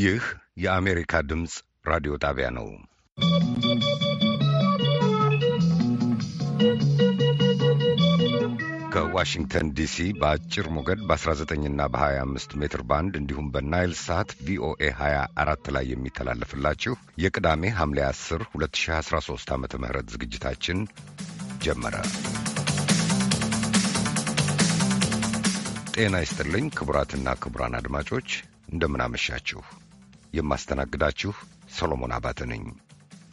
ይህ የአሜሪካ ድምፅ ራዲዮ ጣቢያ ነው። ከዋሽንግተን ዲሲ በአጭር ሞገድ በ19ና በ25 ሜትር ባንድ እንዲሁም በናይል ሳት ቪኦኤ 24 ላይ የሚተላለፍላችሁ የቅዳሜ ሐምሌ 10 2013 ዓ ም ዝግጅታችን ጀመረ። ጤና ይስጥልኝ ክቡራትና ክቡራን አድማጮች እንደምናመሻችሁ። የማስተናግዳችሁ ሰሎሞን አባተ ነኝ።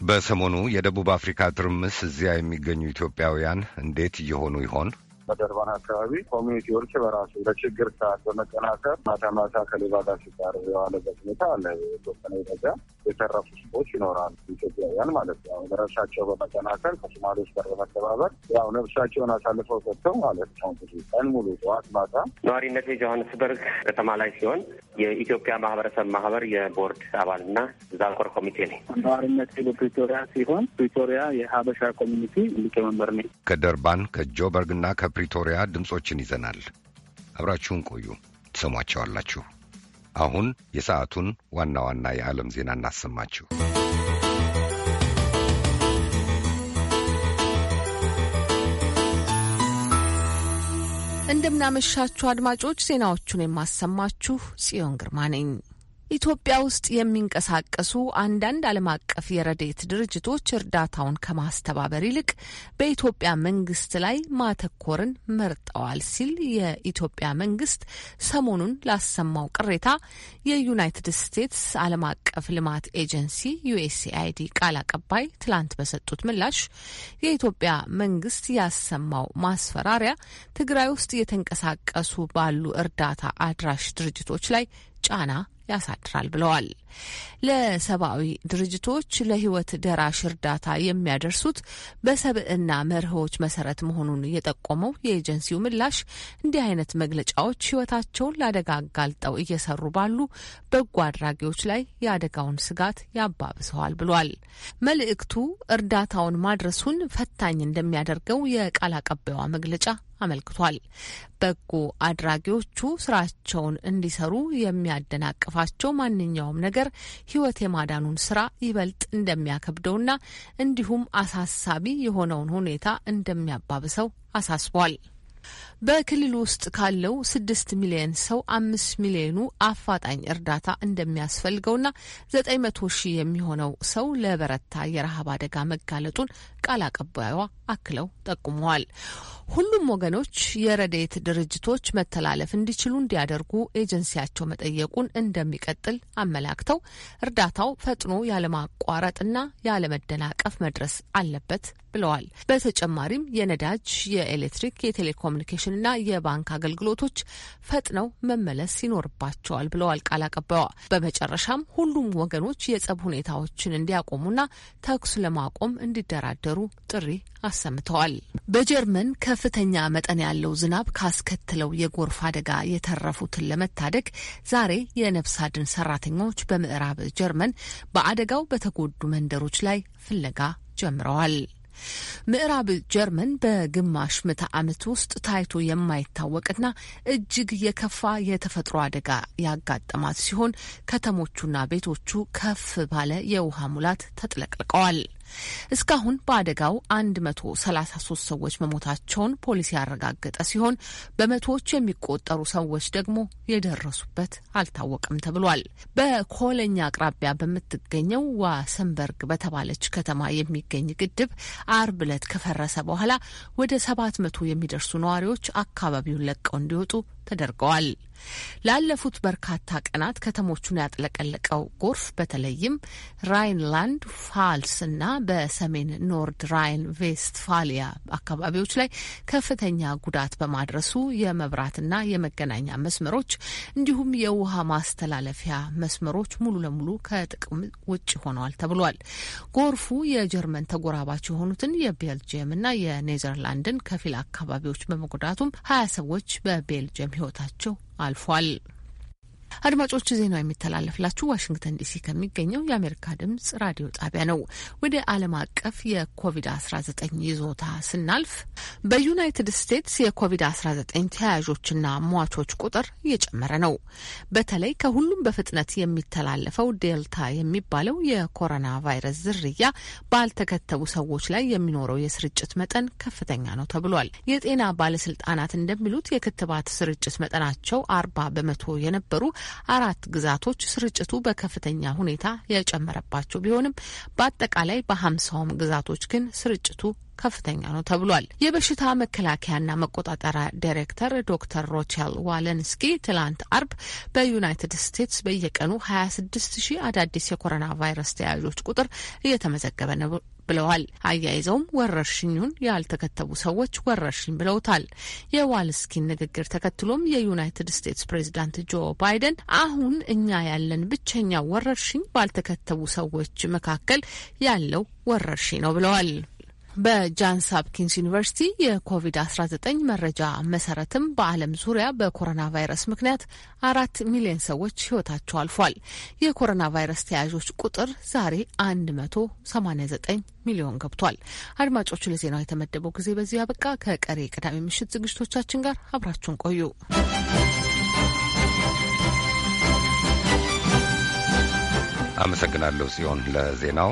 በሰሞኑ የደቡብ አፍሪካ ትርምስ እዚያ የሚገኙ ኢትዮጵያውያን እንዴት እየሆኑ ይሆን? በደርባን አካባቢ ኮሚኒቲዎች በራሱ በችግር ሰዓት በመጠናከር ማታ ማታ ከሌባ ጋር ሲጋር የዋለበት ሁኔታ አለ። የተወሰነ ደረጃ የተረፉ ሰዎች ይኖራሉ። ኢትዮጵያውያን ማለት ነው። ነፍሳቸው በመጠናከል ከሶማሌዎች ጋር በመተባበር ያው ነፍሳቸውን አሳልፈው ሰጥተው ማለት ነው። ብዙ ቀን ሙሉ ጠዋት ማታ ነዋሪነቱ የጆሀንስበርግ ከተማ ላይ ሲሆን የኢትዮጵያ ማህበረሰብ ማህበር የቦርድ አባልና ዛልኮር ኮሚቴ ነኝ። ነዋሪነት ፕሪቶሪያ ሲሆን ፕሪቶሪያ የሀበሻ ኮሚኒቲ ሊቀመንበር ነኝ። ከደርባን ከጆበርግና ከፕሪቶሪያ ድምፆችን ይዘናል። አብራችሁን ቆዩ፣ ትሰሟቸዋላችሁ። አሁን የሰዓቱን ዋና ዋና የዓለም ዜና እናሰማችሁ። እንደምናመሻችሁ አድማጮች፣ ዜናዎቹን የማሰማችሁ ጽዮን ግርማ ነኝ። ኢትዮጵያ ውስጥ የሚንቀሳቀሱ አንዳንድ ዓለም አቀፍ የረድኤት ድርጅቶች እርዳታውን ከማስተባበር ይልቅ በኢትዮጵያ መንግስት ላይ ማተኮርን መርጠዋል ሲል የኢትዮጵያ መንግስት ሰሞኑን ላሰማው ቅሬታ የዩናይትድ ስቴትስ ዓለም አቀፍ ልማት ኤጀንሲ ዩኤስኤአይዲ ቃል አቀባይ ትላንት በሰጡት ምላሽ የኢትዮጵያ መንግስት ያሰማው ማስፈራሪያ ትግራይ ውስጥ እየተንቀሳቀሱ ባሉ እርዳታ አድራሽ ድርጅቶች ላይ ጫና ያሳድራል ብለዋል። ለሰብአዊ ድርጅቶች ለህይወት ደራሽ እርዳታ የሚያደርሱት በሰብዕና መርሆች መሰረት መሆኑን የጠቆመው የኤጀንሲው ምላሽ እንዲህ አይነት መግለጫዎች ህይወታቸውን ለአደጋ አጋልጠው እየሰሩ ባሉ በጎ አድራጊዎች ላይ የአደጋውን ስጋት ያባብሰዋል ብሏል። መልእክቱ እርዳታውን ማድረሱን ፈታኝ እንደሚያደርገው የቃል አቀባይዋ መግለጫ አመልክቷል። በጎ አድራጊዎቹ ስራቸውን እንዲሰሩ የሚያደናቅፋቸው ማንኛውም ነገር ነገር ህይወት የማዳኑን ስራ ይበልጥ እንደሚያከብደውና እንዲሁም አሳሳቢ የሆነውን ሁኔታ እንደሚያባብሰው አሳስቧል። በክልል ውስጥ ካለው ስድስት ሚሊየን ሰው አምስት ሚሊየኑ አፋጣኝ እርዳታ እንደሚያስፈልገውና ዘጠኝ መቶ ሺህ የሚሆነው ሰው ለበረታ የረሃብ አደጋ መጋለጡን ቃል አቀባይዋ አክለው ጠቁመዋል። ሁሉም ወገኖች የረዴት ድርጅቶች መተላለፍ እንዲችሉ እንዲያደርጉ ኤጀንሲያቸው መጠየቁን እንደሚቀጥል አመላክተው እርዳታው ፈጥኖ ያለማቋረጥና ያለመደናቀፍ መድረስ አለበት ብለዋል። በተጨማሪም የነዳጅ፣ የኤሌክትሪክ፣ የቴሌኮም እና የባንክ አገልግሎቶች ፈጥነው መመለስ ይኖርባቸዋል ብለዋል ቃል አቀባይዋ። በመጨረሻም ሁሉም ወገኖች የጸብ ሁኔታዎችን እንዲያቆሙና ተኩስ ለማቆም እንዲደራደሩ ጥሪ አሰምተዋል። በጀርመን ከፍተኛ መጠን ያለው ዝናብ ካስከትለው የጎርፍ አደጋ የተረፉትን ለመታደግ ዛሬ የነፍስ አድን ሰራተኞች በምዕራብ ጀርመን በአደጋው በተጎዱ መንደሮች ላይ ፍለጋ ጀምረዋል። ምዕራብ ጀርመን በግማሽ ምዕተ ዓመት ውስጥ ታይቶ የማይታወቅና እጅግ የከፋ የተፈጥሮ አደጋ ያጋጠማት ሲሆን ከተሞቹና ቤቶቹ ከፍ ባለ የውሃ ሙላት ተጥለቅልቀዋል። እስካሁን በአደጋው 133 ሰዎች መሞታቸውን ፖሊስ ያረጋገጠ ሲሆን በመቶዎች የሚቆጠሩ ሰዎች ደግሞ የደረሱበት አልታወቀም ተብሏል። በኮለኛ አቅራቢያ በምትገኘው ዋሰንበርግ በተባለች ከተማ የሚገኝ ግድብ አርብ ዕለት ከፈረሰ በኋላ ወደ ሰባት መቶ የሚደርሱ ነዋሪዎች አካባቢውን ለቀው እንዲወጡ ተደርገዋል። ላለፉት በርካታ ቀናት ከተሞቹን ያጥለቀለቀው ጎርፍ በተለይም ራይንላንድ ፋልስ እና በሰሜን ኖርድ ራይን ቬስትፋሊያ አካባቢዎች ላይ ከፍተኛ ጉዳት በማድረሱ የመብራትና የመገናኛ መስመሮች እንዲሁም የውሃ ማስተላለፊያ መስመሮች ሙሉ ለሙሉ ከጥቅም ውጭ ሆነዋል ተብሏል። ጎርፉ የጀርመን ተጎራባች የሆኑትን የቤልጅየምና የኔዘርላንድን ከፊል አካባቢዎች በመጎዳቱም ሀያ ሰዎች በቤልጅየም ህይወታቸው አልፏል። አድማጮች ዜናው የሚተላለፍላችሁ ዋሽንግተን ዲሲ ከሚገኘው የአሜሪካ ድምጽ ራዲዮ ጣቢያ ነው። ወደ ዓለም አቀፍ የኮቪድ-19 ይዞታ ስናልፍ በዩናይትድ ስቴትስ የኮቪድ-19 ተያያዦችና ሟቾች ቁጥር እየጨመረ ነው። በተለይ ከሁሉም በፍጥነት የሚተላለፈው ዴልታ የሚባለው የኮሮና ቫይረስ ዝርያ ባልተከተቡ ሰዎች ላይ የሚኖረው የስርጭት መጠን ከፍተኛ ነው ተብሏል። የጤና ባለስልጣናት እንደሚሉት የክትባት ስርጭት መጠናቸው አርባ በመቶ የነበሩ አራት ግዛቶች ስርጭቱ በከፍተኛ ሁኔታ የጨመረባቸው ቢሆንም በአጠቃላይ በሀምሳውም ግዛቶች ግን ስርጭቱ ከፍተኛ ነው ተብሏል። የበሽታ መከላከያና መቆጣጠሪያ ዳይሬክተር ዶክተር ሮቸል ዋለንስኪ ትላንት አርብ በዩናይትድ ስቴትስ በየቀኑ 26 ሺህ አዳዲስ የኮሮና ቫይረስ ተያዦች ቁጥር እየተመዘገበ ነው ብለዋል። አያይዘውም ወረርሽኙን ያልተከተቡ ሰዎች ወረርሽኝ ብለውታል። የዋልስኪን ንግግር ተከትሎም የዩናይትድ ስቴትስ ፕሬዚዳንት ጆ ባይደን አሁን እኛ ያለን ብቸኛው ወረርሽኝ ባልተከተቡ ሰዎች መካከል ያለው ወረርሽኝ ነው ብለዋል። በጃንስ ሀፕኪንስ ዩኒቨርሲቲ የኮቪድ-19 መረጃ መሰረትም በዓለም ዙሪያ በኮሮና ቫይረስ ምክንያት አራት ሚሊዮን ሰዎች ህይወታቸው አልፏል። የኮሮና ቫይረስ ተያዦች ቁጥር ዛሬ 189 ሚሊዮን ገብቷል። አድማጮቹ፣ ለዜናው የተመደበው ጊዜ በዚህ ያበቃ። ከቀሪ ቅዳሜ ምሽት ዝግጅቶቻችን ጋር አብራችሁን ቆዩ። አመሰግናለሁ ጽዮን ለዜናው።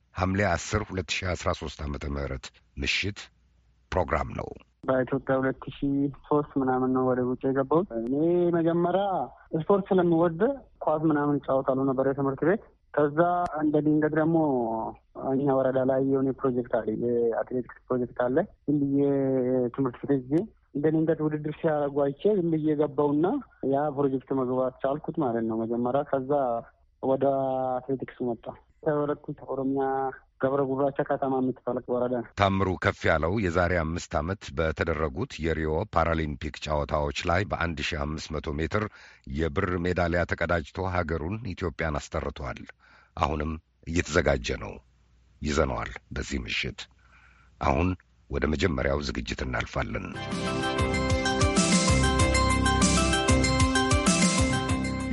ሐምሌ 10 2013 ዓ ም ምሽት ፕሮግራም ነው። በኢትዮጵያ ሁለት ሺ ሶስት ምናምን ነው ወደ ውጭ የገባሁት። እኔ መጀመሪያ ስፖርት ስለምወድ ኳስ ምናምን እጫወታለሁ ነበር የትምህርት ቤት። ከዛ እንደ ድንገት ደግሞ እኛ ወረዳ ላይ የሆነ ፕሮጀክት አለ፣ የአትሌቲክስ ፕሮጀክት አለ። ዝም ብዬ ትምህርት ቤት ጊዜ እንደ ድንገት ውድድር ሲያደርጉ አይቼ ዝም ብዬ ገባውና ያ ፕሮጀክት መግባት ቻልኩት ማለት ነው መጀመሪያ። ከዛ ወደ አትሌቲክስ መጣ። ወለቱ ኦሮሚያ ገብረ ጉራቻ ከተማ የምትፈለቅ ወረዳ ታምሩ ከፍ ያለው የዛሬ አምስት ዓመት በተደረጉት የሪዮ ፓራሊምፒክ ጨዋታዎች ላይ በ1500 ሜትር የብር ሜዳሊያ ተቀዳጅቶ ሀገሩን ኢትዮጵያን አስጠርቷል። አሁንም እየተዘጋጀ ነው። ይዘነዋል በዚህ ምሽት። አሁን ወደ መጀመሪያው ዝግጅት እናልፋለን።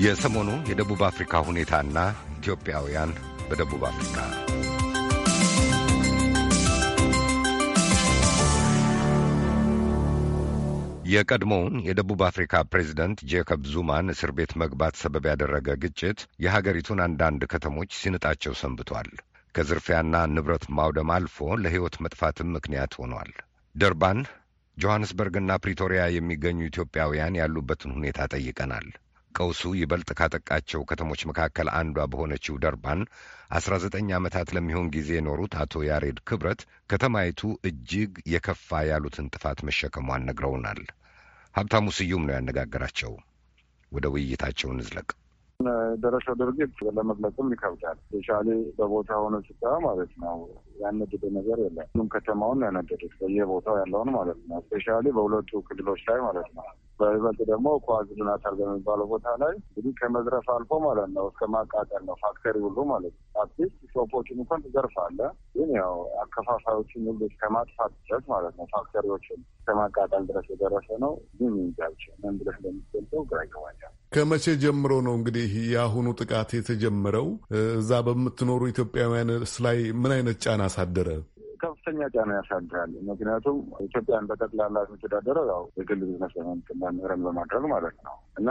የሰሞኑ የደቡብ አፍሪካ ሁኔታና ኢትዮጵያውያን በደቡብ አፍሪካ። የቀድሞውን የደቡብ አፍሪካ ፕሬዚደንት ጄኮብ ዙማን እስር ቤት መግባት ሰበብ ያደረገ ግጭት የሀገሪቱን አንዳንድ ከተሞች ሲንጣቸው ሰንብቷል። ከዝርፊያና ንብረት ማውደም አልፎ ለሕይወት መጥፋትም ምክንያት ሆኗል። ደርባን፣ ጆሐንስበርግና ፕሪቶሪያ የሚገኙ ኢትዮጵያውያን ያሉበትን ሁኔታ ጠይቀናል። ቀውሱ ይበልጥ ካጠቃቸው ከተሞች መካከል አንዷ በሆነችው ደርባን 19 ዓመታት ለሚሆን ጊዜ የኖሩት አቶ ያሬድ ክብረት ከተማይቱ እጅግ የከፋ ያሉትን ጥፋት መሸከሟን ነግረውናል። ሀብታሙ ስዩም ነው ያነጋገራቸው። ወደ ውይይታቸው እንዝለቅ። ደረሰው ድርጊት ለመግለጽም ይከብዳል። ስፔሻሊ በቦታ ሆነ ስታ ማለት ነው። ያነደደ ነገር የለም። ሁሉም ከተማውን ያነደዱት በየቦታው ያለውን ማለት ነው። ስፔሻሊ በሁለቱ ክልሎች ላይ ማለት ነው። በይበልጥ ደግሞ ኳዝ ናታል በሚባለው ቦታ ላይ እንግዲህ ከመዝረፍ አልፎ ማለት ነው እስከ ማቃጠል ነው ፋክተሪ ሁሉ ማለት ነው። አትሊስት ሾፖችን እንኳን ትዘርፋለህ፣ ግን ያው አከፋፋዮችን ሁሉ እስከ ማጥፋት ድረስ ማለት ነው ፋክተሪዎችን እስከ ማቃጠል ድረስ የደረሰ ነው። ግን ይንጃቸው ምን ብለህ እንደሚገልጸው ግራ ይገባኛል። ከመቼ ጀምሮ ነው እንግዲህ የአሁኑ ጥቃት የተጀመረው? እዛ በምትኖሩ ኢትዮጵያውያንስ ላይ ምን አይነት ጫና አሳደረ? ከፍተኛ ጫና ያሳድራል። ምክንያቱም ኢትዮጵያን በጠቅላላ የሚተዳደረው ያው የግል ቢዝነስ በመንቅናምረን በማድረግ ማለት ነው እና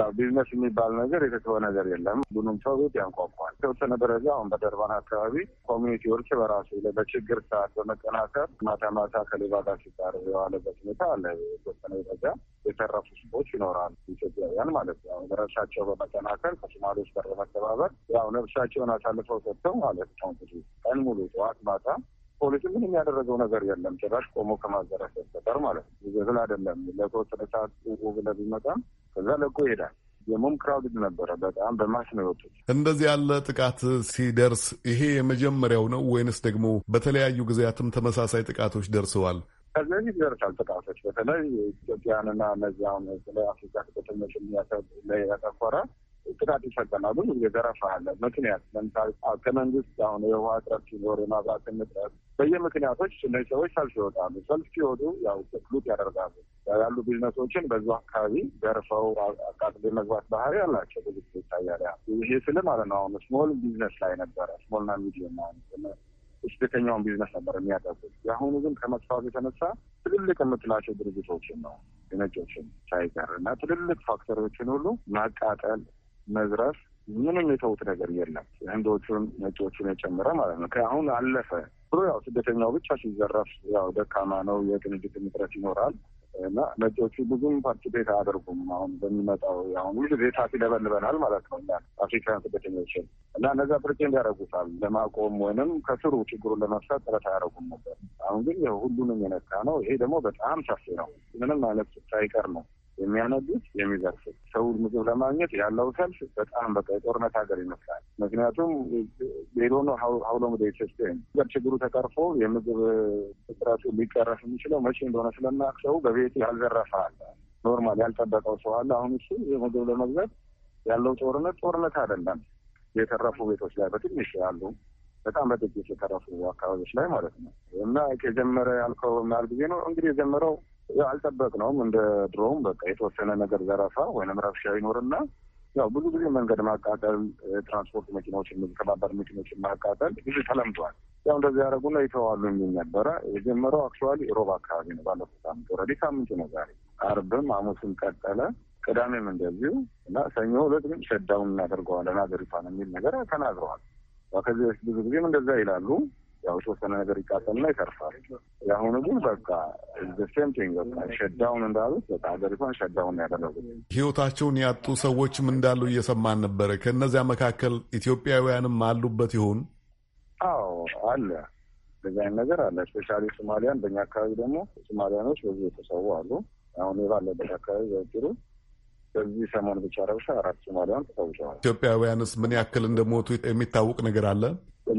ያው ቢዝነስ የሚባል ነገር የተተወ ነገር የለም። ቡኑም ሰው ቤት ያንቋቋል። ተወሰነ ደረጃ አሁን በደርባን አካባቢ ኮሚኒቲዎች በራሱ በችግር ሰዓት በመቀናከር ማታ ማታ ከሌባ ጋር ሲጣር የዋለበት ሁኔታ አለ። የተወሰነ ደረጃ የተረፉ ህዝቦች ይኖራሉ፣ ኢትዮጵያውያን ማለት ነው። በነፍሳቸው በመጠናከር ከሶማሌዎች ጋር በመተባበር ያው ነፍሳቸውን አሳልፈው ሰጥተው ማለት ነው ብዙ ቀን ሙሉ ጠዋት ማታ ፖሊስ ምንም ያደረገው ነገር የለም። ጭራሽ ቆሞ ከማዘራት በስተቀር ማለት ነው። ስለ አይደለም። ለተወሰነ ሰዓት ብለ ቢመጣም ከዛ ለቆ ይሄዳል። የሞም ክራውድ ነበረ። በጣም በማስ ነው የወጡት። እንደዚህ ያለ ጥቃት ሲደርስ ይሄ የመጀመሪያው ነው ወይንስ ደግሞ በተለያዩ ጊዜያትም ተመሳሳይ ጥቃቶች ደርሰዋል? ከዚህ ይደርሳል ጥቃቶች በተለይ ኢትዮጵያንና እነዚያውን ስለ አፍሪካ ስደተኞች ላይ ያተኮረ ጥቃት ይፈጠናሉ የዘረፋለ ምክንያት ለምሳሌ ከመንግስት አሁን የውሃ እጥረት ሲኖር፣ የመብራት እጥረት በየምክንያቶች እነዚህ ሰዎች ሰልፍ ይወጣሉ። ሰልፍ ሲወጡ ያው ሉት ያደርጋሉ። ያሉ ቢዝነሶችን በዙ አካባቢ ዘርፈው አቃጥሎ መግባት ባህሪ ያላቸው ብዙ ይታያል። ይሄ ስል ማለት ነው አሁን ስሞል ቢዝነስ ላይ ነበረ ስሞልና ሚዲየም ስደተኛውን ቢዝነስ ነበር የሚያጠቁት። የአሁኑ ግን ከመስፋቱ የተነሳ ትልልቅ የምትላቸው ድርጅቶችን ነው የነጮችን ሳይቀር እና ትልልቅ ፋክተሮችን ሁሉ ማቃጠል መዝራት ምንም የተውት ነገር የለም። ህንዶቹን ነጮቹን የጨመረ ማለት ነው። ከአሁን አለፈ ብሎ ያው ስደተኛው ብቻ ሲዘረፍ ያው ደካማ ነው፣ የቅንጅት ምጥረት ይኖራል እና ነጮቹ ብዙም ፓርቲ ፓርቲቤት አያደርጉም። አሁን በሚመጣው አሁን ሁሉ ጊዜ ታፊ ለበልበናል ማለት ነው እኛ አፍሪካውያን ስደተኞችን እና እነዚያ ፕሬቴንድ ያደረጉታል ለማቆም ወይንም ከስሩ ችግሩን ለመፍታት ጥረት አያደረጉም ነበር። አሁን ግን ሁሉንም የነካ ነው። ይሄ ደግሞ በጣም ሰፊ ነው። ምንም አይነት ሳይቀር ነው የሚያነዱት የሚዘርፉት ሰው ምግብ ለማግኘት ያለው ሰልፍ በጣም በቃ የጦርነት ሀገር ይመስላል። ምክንያቱም ሌሎኖ ሀውሎ ምደ ኢትዮጵያ ችግሩ ተቀርፎ የምግብ እጥረቱ ሊቀረፍ የሚችለው መቼ እንደሆነ ስለማያውቅ ሰው በቤቱ ያልዘረፈ አለ፣ ኖርማል ያልጠበቀው ሰው አለ። አሁን እሱ የምግብ ለመግዛት ያለው ጦርነት ጦርነት አይደለም። የተረፉ ቤቶች ላይ በትንሽ ያሉ በጣም በጥቂት የተረፉ አካባቢዎች ላይ ማለት ነው እና የጀመረ ያልከው ምናል ጊዜ ነው እንግዲህ የጀመረው ያው አልጠበቅነውም። እንደ ድሮውም በቃ የተወሰነ ነገር ዘረፋ ወይም ረብሻ ይኖርና ያው ብዙ ጊዜ መንገድ ማቃጠል፣ ትራንስፖርት መኪናዎችን፣ ከባባድ መኪናዎችን ማቃጠል ብዙ ተለምዷል። ያው እንደዚህ ያደረጉና ይተዋሉ የሚል ነበረ። የጀመረው አክቹዋሊ ሮብ አካባቢ ነው። ባለፈው ሳምንት ወረዲ ሳምንቱ ነው ዛሬ። አርብም ሐሙስም ቀጠለ፣ ቅዳሜም እንደዚሁ እና ሰኞ ዕለት ግን ሸዳውን እናደርገዋለን ሀገሪቷን የሚል ነገር ተናግረዋል። ከዚህ በፊት ብዙ ጊዜም እንደዛ ይላሉ። ያው የተወሰነ ነገር ይቃጠልና ይተርፋል። የአሁኑ ግን በቃ ዘሴም ቲንግ በቃ ሸዳውን እንዳሉት በቃ ሀገሪቷን ሸዳውን ያደረጉት ህይወታቸውን ያጡ ሰዎችም እንዳሉ እየሰማን ነበረ። ከእነዚያ መካከል ኢትዮጵያውያንም አሉበት ይሆን? አዎ አለ። እንደዚህ አይነት ነገር አለ። ስፔሻሊ ሶማሊያን፣ በእኛ አካባቢ ደግሞ ሶማሊያኖች በዚህ የተሰዉ አሉ። አሁን ባለበት አካባቢ ዘውጭሩ በዚህ ሰሞን ብቻ ረብሻ አራት ሶማሊያን ተሰውተዋል። ኢትዮጵያውያንስ ምን ያክል እንደሞቱ የሚታወቅ ነገር አለ?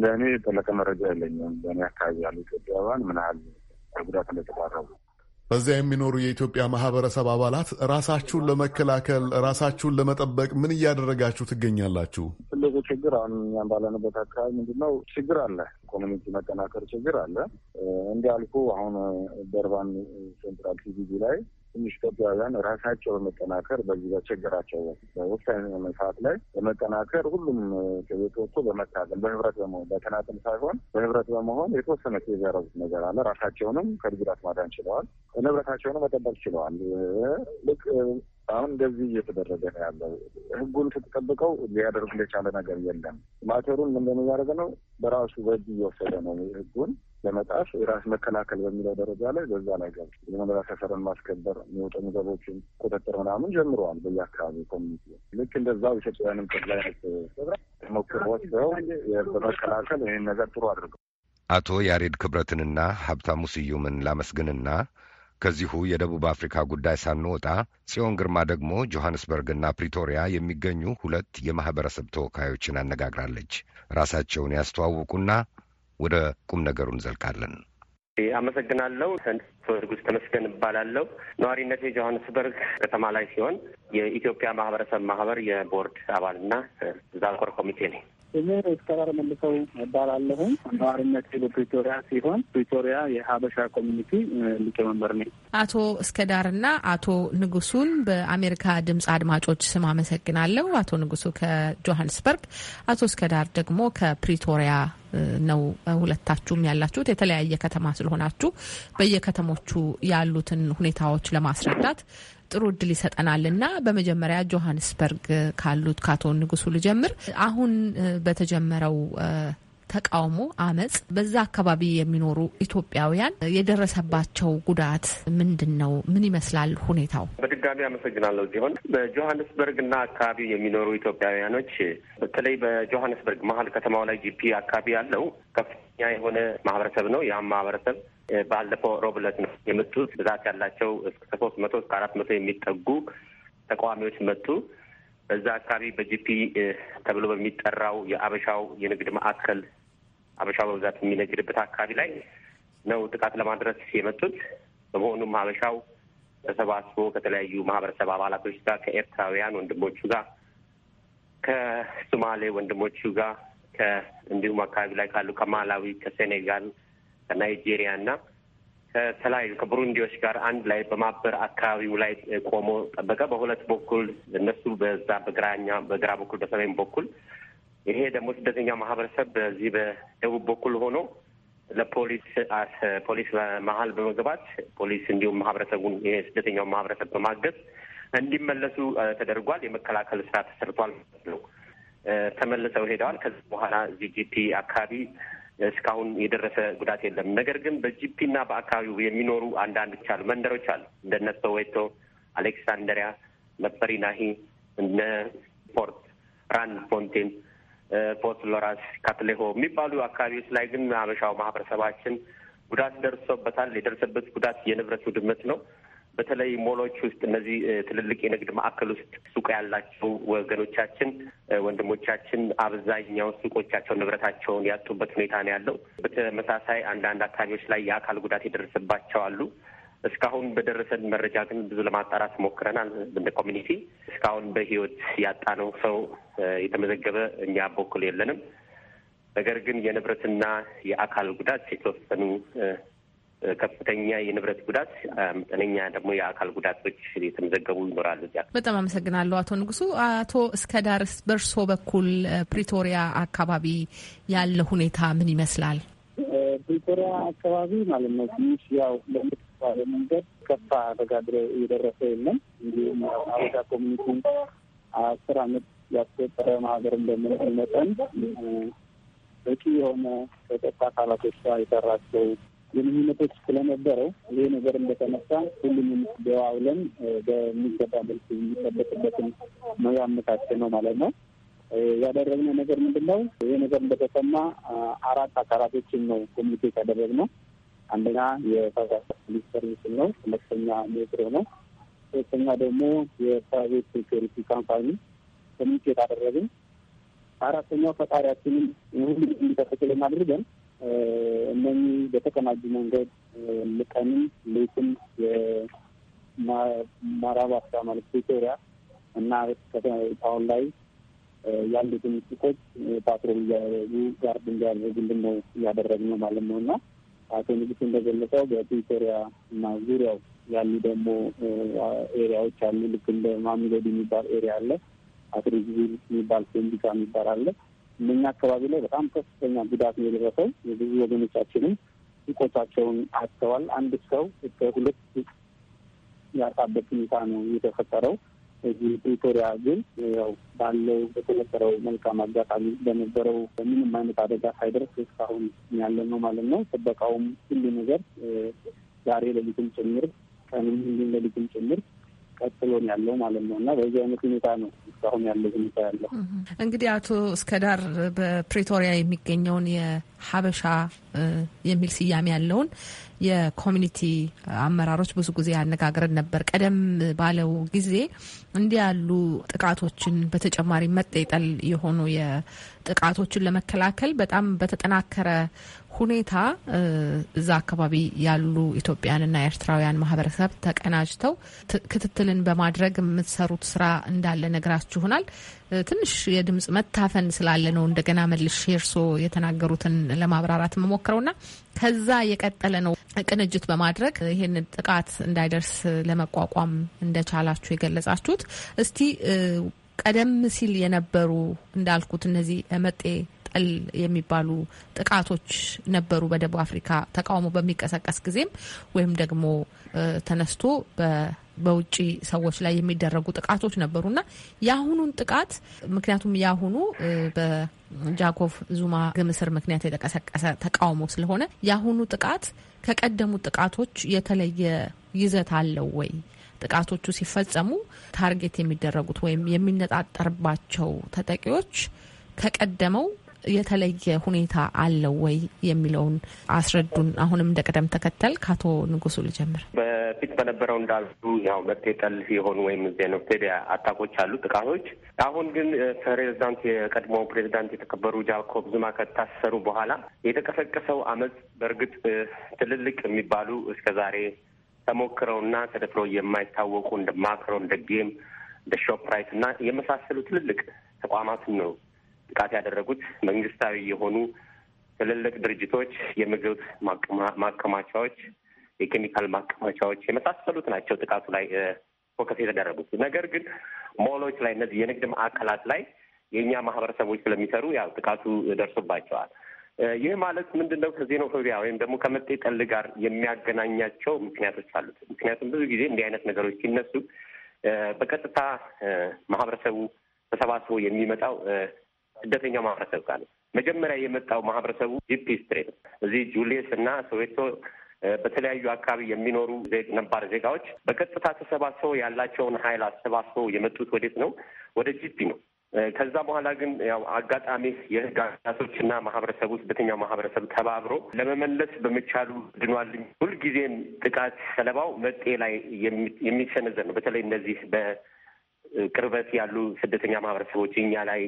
ለእኔ የጠለቀ መረጃ የለኝም። በእኔ አካባቢ ያሉ ኢትዮጵያውያን ምን ያህል ጉዳት እንደተባረቡ በዚያ የሚኖሩ የኢትዮጵያ ማህበረሰብ አባላት ራሳችሁን ለመከላከል ራሳችሁን ለመጠበቅ ምን እያደረጋችሁ ትገኛላችሁ? ትልቁ ችግር አሁን እኛም ባለንበት አካባቢ ምንድነው ችግር አለ፣ ኮሚኒቲ መጠናከር ችግር አለ። እንዲያልኩ አሁን ደርባን ሴንትራል ቲቪቪ ላይ ትንሽ ኢትዮጵያውያን ራሳቸው በመጠናከር በዚህ በችግራቸው ወቅታዊ ሰዓት ላይ በመጠናከር ሁሉም ከቤት ወጥቶ በመታገል በህብረት በመሆን በተናጥል ሳይሆን በህብረት በመሆን የተወሰነ የዘረቡት ነገር አለ። ራሳቸውንም ከድጉዳት ማዳን ችለዋል። ንብረታቸውንም መጠበቅ ችለዋል። ልክ አሁን እንደዚህ እየተደረገ ነው ያለው። ህጉን ስትጠብቀው ሊያደርጉ የቻለ ነገር የለም። ማቴሩን ምንድን እያደረገ ነው? በራሱ በእጅ እየወሰደ ነው ህጉን ለመጣፍ የራስ መከላከል በሚለው ደረጃ ላይ በዛ ላይ ገብ የመኖሪያ ሰፈርን ማስከበር የሚወጡ ምግቦችን ቁጥጥር ምናምን ጀምረዋል። በየአካባቢ ኮሚኒቲ ልክ እንደዛው ኢትዮጵያውያንም ቅድ አይነት ሞክሮች ሰው በመከላከል ይህን ነገር ጥሩ አድርገው አቶ ያሬድ ክብረትንና ሀብታሙ ስዩምን ላመስግንና ከዚሁ የደቡብ አፍሪካ ጉዳይ ሳንወጣ ጽዮን ግርማ ደግሞ ጆሐንስበርግና ፕሪቶሪያ የሚገኙ ሁለት የማኅበረሰብ ተወካዮችን አነጋግራለች። ራሳቸውን ያስተዋውቁና ወደ ቁም ነገሩ እንዘልቃለን። አመሰግናለሁ። ንጉስ ተመስገን እባላለሁ። ነዋሪነት የጆሀንስበርግ ከተማ ላይ ሲሆን የኢትዮጵያ ማህበረሰብ ማህበር የቦርድ አባልና ዛልኮር ኮሚቴ ነኝ። እኔ እስከራር መልሰው እባላለሁኝ ነዋሪነት በፕሪቶሪያ ሲሆን ፕሪቶሪያ የሀበሻ ኮሚኒቲ ሊቀመንበር ነኝ። አቶ እስከዳርና አቶ ንጉሱን በአሜሪካ ድምጽ አድማጮች ስም አመሰግናለሁ። አቶ ንጉሱ ከጆሀንስበርግ፣ አቶ እስከዳር ደግሞ ከፕሪቶሪያ ነው። ሁለታችሁም ያላችሁት የተለያየ ከተማ ስለሆናችሁ በየከተሞቹ ያሉትን ሁኔታዎች ለማስረዳት ጥሩ እድል ይሰጠናል እና በመጀመሪያ ጆሀንስበርግ ካሉት ከአቶ ንጉሱ ልጀምር። አሁን በተጀመረው ተቃውሞ፣ አመፅ በዛ አካባቢ የሚኖሩ ኢትዮጵያውያን የደረሰባቸው ጉዳት ምንድን ነው? ምን ይመስላል ሁኔታው? በድጋሚ አመሰግናለሁ ሲሆን በጆሀንስበርግ እና አካባቢ የሚኖሩ ኢትዮጵያውያኖች በተለይ በጆሀንስበርግ መሀል ከተማው ላይ ጂፒ አካባቢ ያለው ከፍተኛ የሆነ ማህበረሰብ ነው። ያም ማህበረሰብ ባለፈው ሮብ ዕለት ነው የመጡት። ብዛት ያላቸው እስከ ሶስት መቶ እስከ አራት መቶ የሚጠጉ ተቃዋሚዎች መጡ። በዛ አካባቢ በጂፒ ተብሎ በሚጠራው የአበሻው የንግድ ማዕከል አበሻው በብዛት የሚነግድበት አካባቢ ላይ ነው ጥቃት ለማድረስ የመጡት። በመሆኑም አበሻው ተሰባስቦ ከተለያዩ ማህበረሰብ አባላቶች ጋር ከኤርትራውያን ወንድሞቹ ጋር ከሶማሌ ወንድሞቹ ጋር እንዲሁም አካባቢ ላይ ካሉ ከማላዊ፣ ከሴኔጋል፣ ከናይጄሪያ እና ከተለያዩ ከቡሩንዲዎች ጋር አንድ ላይ በማበር አካባቢው ላይ ቆሞ ጠበቀ። በሁለት በኩል እነሱ በዛ በግራኛ በግራ በኩል በሰሜን በኩል ይሄ ደግሞ ስደተኛ ማህበረሰብ በዚህ በደቡብ በኩል ሆኖ ለፖሊስ ፖሊስ መሀል በመግባት ፖሊስ እንዲሁም ማህበረሰቡን የስደተኛውን ማህበረሰብ በማገዝ እንዲመለሱ ተደርጓል። የመከላከል ስራ ተሰርቷል ነው። ተመልሰው ሄደዋል። ከዚህ በኋላ ዚጂፒ አካባቢ እስካሁን የደረሰ ጉዳት የለም። ነገር ግን በጂፒና በአካባቢው የሚኖሩ አንዳንድ ቻሉ መንደሮች አሉ እንደነ ሶዌቶ፣ አሌክሳንደሪያ፣ መፈሪናሂ እነ ፖርት ራንድ ፖንቴን፣ ፖርት ሎራስ፣ ካትሌሆ የሚባሉ አካባቢዎች ላይ ግን አበሻው ማህበረሰባችን ጉዳት ደርሶበታል። የደረሰበት ጉዳት የንብረት ውድመት ነው። በተለይ ሞሎች ውስጥ እነዚህ ትልልቅ የንግድ ማዕከል ውስጥ ሱቅ ያላቸው ወገኖቻችን ወንድሞቻችን አብዛኛው ሱቆቻቸው ንብረታቸውን ያጡበት ሁኔታ ነው ያለው። በተመሳሳይ አንዳንድ አካባቢዎች ላይ የአካል ጉዳት የደረሰባቸው አሉ። እስካሁን በደረሰን መረጃ ግን ብዙ ለማጣራት ሞክረናል። እንደ ኮሚኒቲ እስካሁን በህይወት ያጣነው ሰው የተመዘገበ እኛ በኩል የለንም። ነገር ግን የንብረትና የአካል ጉዳት የተወሰኑ ከፍተኛ የንብረት ጉዳት፣ መጠነኛ ደግሞ የአካል ጉዳቶች የተመዘገቡ ይኖራሉ። በጣም አመሰግናለሁ አቶ ንጉሱ። አቶ እስከዳርስ በእርሶ በኩል ፕሪቶሪያ አካባቢ ያለ ሁኔታ ምን ይመስላል? ፕሪቶሪያ አካባቢ ማለት ነው ትንሽ ያው ለምትባለ መንገድ ከፋ አደጋ ድረስ እየደረሰ የለም። እንዲሁም አበጋ ኮሚኒቲ አስር አመት ያስቆጠረ ማህበር እንደምንመጠን በቂ የሆነ ከጸጥታ አካላቶች የሰራቸው ግንኙነቶች ስለነበረው ይሄ ነገር እንደተነሳ ሁሉም ደዋውለን በሚገባ መልክ የሚጠበቅበትን መያመቻቸ ነው ማለት ነው። ያደረግነው ነገር ምንድን ነው? ይሄ ነገር እንደተሰማ አራት አካላቶችን ነው ኮሚኒኬት ያደረግነው። አንደኛ የፌዴራል ፖሊስ ሰርቪስ ነው፣ ሁለተኛ ሜትሮ ነው፣ ሶስተኛ ደግሞ የፕራይቬት ሴኩሪቲ ካምፓኒ ኮሚኒኬት አደረግን። አራተኛው ፈጣሪያችንን ሁሉ እንዲተፈክልን አድርገን እነኚህ በተቀናጁ መንገድ ልቀንም ሌትም የምዕራብ አፍሪካ ማለት ፕሪቶሪያ እና አሁን ላይ ያሉትን ሱቆች ፓትሮል እያደረጉ ጋርድ እንዲያደርጉልን ነው እያደረግነው ማለት ነው እና አቶ ንጉስ እንደገለጸው በፕሪቶሪያ እና ዙሪያው ያሉ ደግሞ ኤሪያዎች አሉ። ልክ እንደ ማሚሎድ የሚባል ኤሪያ አለ። አትሪቪል የሚባል ሴንዲካ የሚባል አለ። እነኛ አካባቢ ላይ በጣም ከፍተኛ ጉዳት ነው የደረሰው። የብዙ ወገኖቻችንም ሱቆቻቸውን አጥተዋል። አንድ ሰው እስከ ሁለት ያጣበት ሁኔታ ነው የተፈጠረው። እዚህ ፕሪቶሪያ ግን ያው ባለው በተፈጠረው መልካም አጋጣሚ በነበረው ምንም አይነት አደጋ ሳይደርስ እስካሁን ያለ ነው ማለት ነው። ጥበቃውም ሁሉ ነገር ዛሬ ሌሊትም ጭምር ቀንም ሁሉም ሌሊትም ጭምር ቀጥሎን ያለው ማለት ነው እና በዚህ አይነት ሁኔታ ነው እስካሁን ያለው ሁኔታ ያለው። እንግዲህ አቶ እስከዳር በፕሬቶሪያ የሚገኘውን የሀበሻ የሚል ስያሜ ያለውን የኮሚኒቲ አመራሮች ብዙ ጊዜ ያነጋግረን ነበር። ቀደም ባለው ጊዜ እንዲህ ያሉ ጥቃቶችን በተጨማሪ መጠጠል የሆኑ የጥቃቶችን ለመከላከል በጣም በተጠናከረ ሁኔታ እዛ አካባቢ ያሉ ኢትዮጵያንና ኤርትራውያን ማህበረሰብ ተቀናጅተው ክትትልን በማድረግ የምትሰሩት ስራ እንዳለ ነግራችሁናል። ትንሽ የድምጽ መታፈን ስላለ ነው እንደገና መልሽ እርሶ የተናገሩትን ለማብራራት የምሞክረውና ከዛ የቀጠለ ነው ቅንጅት በማድረግ ይህን ጥቃት እንዳይደርስ ለመቋቋም እንደቻላችሁ የገለጻችሁት። እስቲ ቀደም ሲል የነበሩ እንዳልኩት እነዚህ መጤ ጠል የሚባሉ ጥቃቶች ነበሩ በደቡብ አፍሪካ ተቃውሞ በሚቀሰቀስ ጊዜም ወይም ደግሞ ተነስቶ በውጭ ሰዎች ላይ የሚደረጉ ጥቃቶች ነበሩና የአሁኑን ጥቃት ምክንያቱም የአሁኑ በጃኮቭ ዙማ ግምስር ምክንያት የተቀሰቀሰ ተቃውሞ ስለሆነ የአሁኑ ጥቃት ከቀደሙት ጥቃቶች የተለየ ይዘት አለው ወይ? ጥቃቶቹ ሲፈጸሙ ታርጌት የሚደረጉት ወይም የሚነጣጠርባቸው ተጠቂዎች ከቀደመው የተለየ ሁኔታ አለው ወይ የሚለውን አስረዱን። አሁንም እንደ ቅደም ተከተል ከአቶ ንጉሱ ልጀምር። በፊት በነበረው እንዳሉ ያው መጤ ጠል የሆኑ ወይም ዜኖክቴሪያ አታኮች አሉ፣ ጥቃቶች። አሁን ግን ፕሬዚዳንት የቀድሞ ፕሬዚዳንት የተከበሩ ጃኮብ ዙማ ከታሰሩ በኋላ የተቀሰቀሰው አመፅ በእርግጥ ትልልቅ የሚባሉ እስከዛሬ ተሞክረውና ተደፍሮ የማይታወቁ እንደ ማክሮ እንደ ጌም እንደ ሾፕራይት እና የመሳሰሉ ትልልቅ ተቋማትን ነው ጥቃት ያደረጉት መንግስታዊ የሆኑ ትልልቅ ድርጅቶች፣ የምግብ ማከማቻዎች፣ የኬሚካል ማከማቻዎች የመሳሰሉት ናቸው ጥቃቱ ላይ ፎከስ የተደረጉት። ነገር ግን ሞሎች ላይ እነዚህ የንግድ ማዕከላት ላይ የእኛ ማህበረሰቦች ስለሚሰሩ ያው ጥቃቱ ደርሶባቸዋል። ይህ ማለት ምንድን ነው? ከዜኖፎቢያ ወይም ደግሞ ከመጤ ጠል ጋር የሚያገናኛቸው ምክንያቶች አሉት። ምክንያቱም ብዙ ጊዜ እንዲህ አይነት ነገሮች ሲነሱ በቀጥታ ማህበረሰቡ ተሰባስቦ የሚመጣው ስደተኛው ማህበረሰብ ጋር ነው። መጀመሪያ የመጣው ማህበረሰቡ ጂፒ ስትሬት እዚህ ጁሊየስ እና ሶዌቶ በተለያዩ አካባቢ የሚኖሩ ነባር ዜጋዎች በቀጥታ ተሰባስበው ያላቸውን ሀይል አሰባስበው የመጡት ወዴት ነው? ወደ ጂፒ ነው። ከዛ በኋላ ግን ያው አጋጣሚ የህግ እና ማህበረሰቡ ስደተኛው ማህበረሰብ ተባብሮ ለመመለስ በመቻሉ ድኗል። ሁልጊዜም ጥቃት ሰለባው መጤ ላይ የሚሰነዘር ነው። በተለይ እነዚህ በቅርበት ያሉ ስደተኛ ማህበረሰቦች እኛ ላይ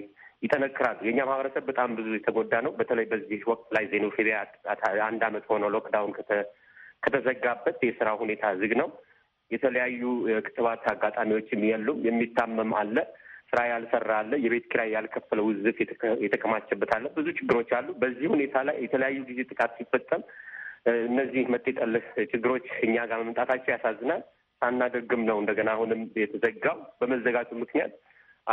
ይጠነክራሉ። የእኛ ማህበረሰብ በጣም ብዙ የተጎዳ ነው። በተለይ በዚህ ወቅት ላይ ዜኖፎቢያ አንድ አመት ሆነ ሎክዳውን ከተዘጋበት የስራ ሁኔታ ዝግ ነው። የተለያዩ ክትባት አጋጣሚዎችም የሉም። የሚታመም አለ፣ ስራ ያልሰራ አለ፣ የቤት ኪራይ ያልከፈለ ውዝፍ የተከማቸበት አለ። ብዙ ችግሮች አሉ። በዚህ ሁኔታ ላይ የተለያዩ ጊዜ ጥቃት ሲፈጸም እነዚህ መጤ ችግሮች እኛ ጋር መምጣታቸው ያሳዝናል። ሳናደግም ነው እንደገና አሁንም የተዘጋው። በመዘጋቱ ምክንያት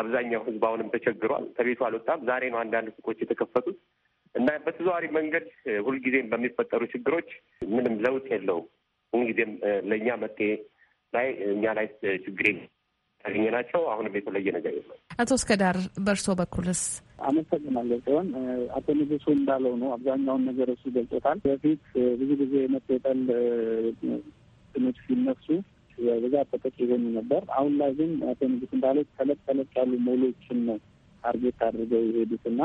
አብዛኛው ህዝብ አሁንም ተቸግሯል። ከቤቱ አልወጣም። ዛሬ ነው አንዳንድ ሱቆች የተከፈቱት እና በተዘዋዋሪ መንገድ ሁልጊዜም በሚፈጠሩ ችግሮች ምንም ለውጥ የለውም። ሁልጊዜም ለእኛ መፍትሄ ላይ እኛ ላይ ችግር ያገኘ ናቸው። አሁንም የተለየ ነገር የለም። አቶ እስከዳር በእርሶ በኩልስ? አመሰግናለሁ ሲሆን አቶ ንጉሱ እንዳለው ነው አብዛኛውን ነገር እሱ ገልጾታል። በፊት ብዙ ጊዜ የመጤጠል ትኖች ሲነሱ በብዛት ተጠቂ ይሆኑ ነበር። አሁን ላይ ግን አቶ ንጉስ እንዳሉት ተለቅ ተለቅ ያሉ ሞሎችን ነው ታርጌት አድርገው የሄዱት እና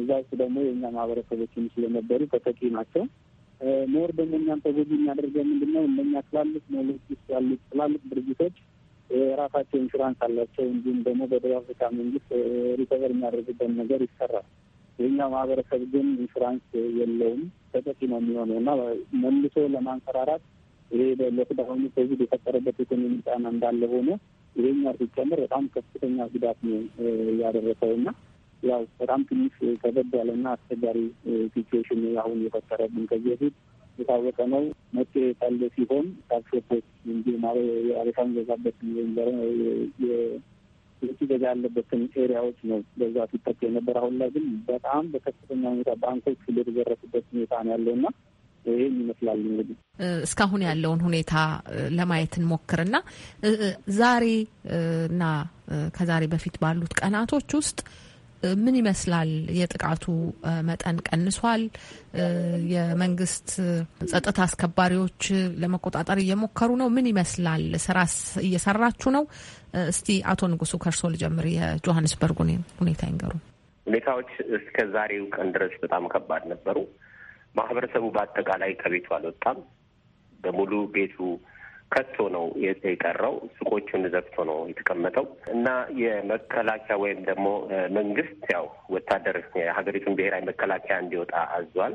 እዛ ውስጥ ደግሞ የእኛ ማህበረሰቦችም ስለነበሩ ተጠቂ ናቸው። ሞር ደግሞ እኛም ተጎጂ የሚያደርገው ምንድን ነው? እነኛ ትላልቅ ሞሎች ውስጥ ያሉት ትላልቅ ድርጅቶች የራሳቸው ኢንሹራንስ አላቸው። እንዲሁም ደግሞ በደቡብ አፍሪካ መንግስት ሪከቨር የሚያደርግበት ነገር ይሰራል። የእኛ ማህበረሰብ ግን ኢንሹራንስ የለውም፣ ተጠቂ ነው የሚሆነው እና መልሶ ለማንሰራራት ይሄ ለክዳሁኑ ኮቪድ የፈጠረበት ኢኮኖሚ ጫና እንዳለ ሆኖ ይሄኛው ሲጨምር በጣም ከፍተኛ ጉዳት ነው ያደረሰው እና ያው በጣም ትንሽ ከበድ ያለና አስቸጋሪ ሲትዌሽን አሁን የፈጠረብን ከዚህ በፊት የታወቀ ነው። መጤ ሳለ ሲሆን ታክሶቶች እንዲህ ማለት አበሻ የውጭ ገዛ ያለበትን ኤሪያዎች ነው በዛ ሲጠቅ የነበር። አሁን ላይ ግን በጣም በከፍተኛ ሁኔታ ባንኮች የተዘረፉበት ሁኔታ ነው ያለው እና ይህም ይመስላል እንግዲህ እስካሁን ያለውን ሁኔታ ለማየት እንሞክርና ዛሬ እና ከዛሬ በፊት ባሉት ቀናቶች ውስጥ ምን ይመስላል? የጥቃቱ መጠን ቀንሷል? የመንግስት ጸጥታ አስከባሪዎች ለመቆጣጠር እየሞከሩ ነው? ምን ይመስላል? ስራስ እየሰራችሁ ነው? እስቲ አቶ ንጉሱ ከእርሶ ልጀምር። የጆሀንስበርጉን ሁኔታ ይንገሩ። ሁኔታዎች እስከ ዛሬው ቀን ድረስ በጣም ከባድ ነበሩ። ማህበረሰቡ በአጠቃላይ ከቤቱ አልወጣም። በሙሉ ቤቱ ከቶ ነው የቀረው። ሱቆቹን ዘግቶ ነው የተቀመጠው እና የመከላከያ ወይም ደግሞ መንግስት ያው ወታደር የሀገሪቱን ብሔራዊ መከላከያ እንዲወጣ አዟል።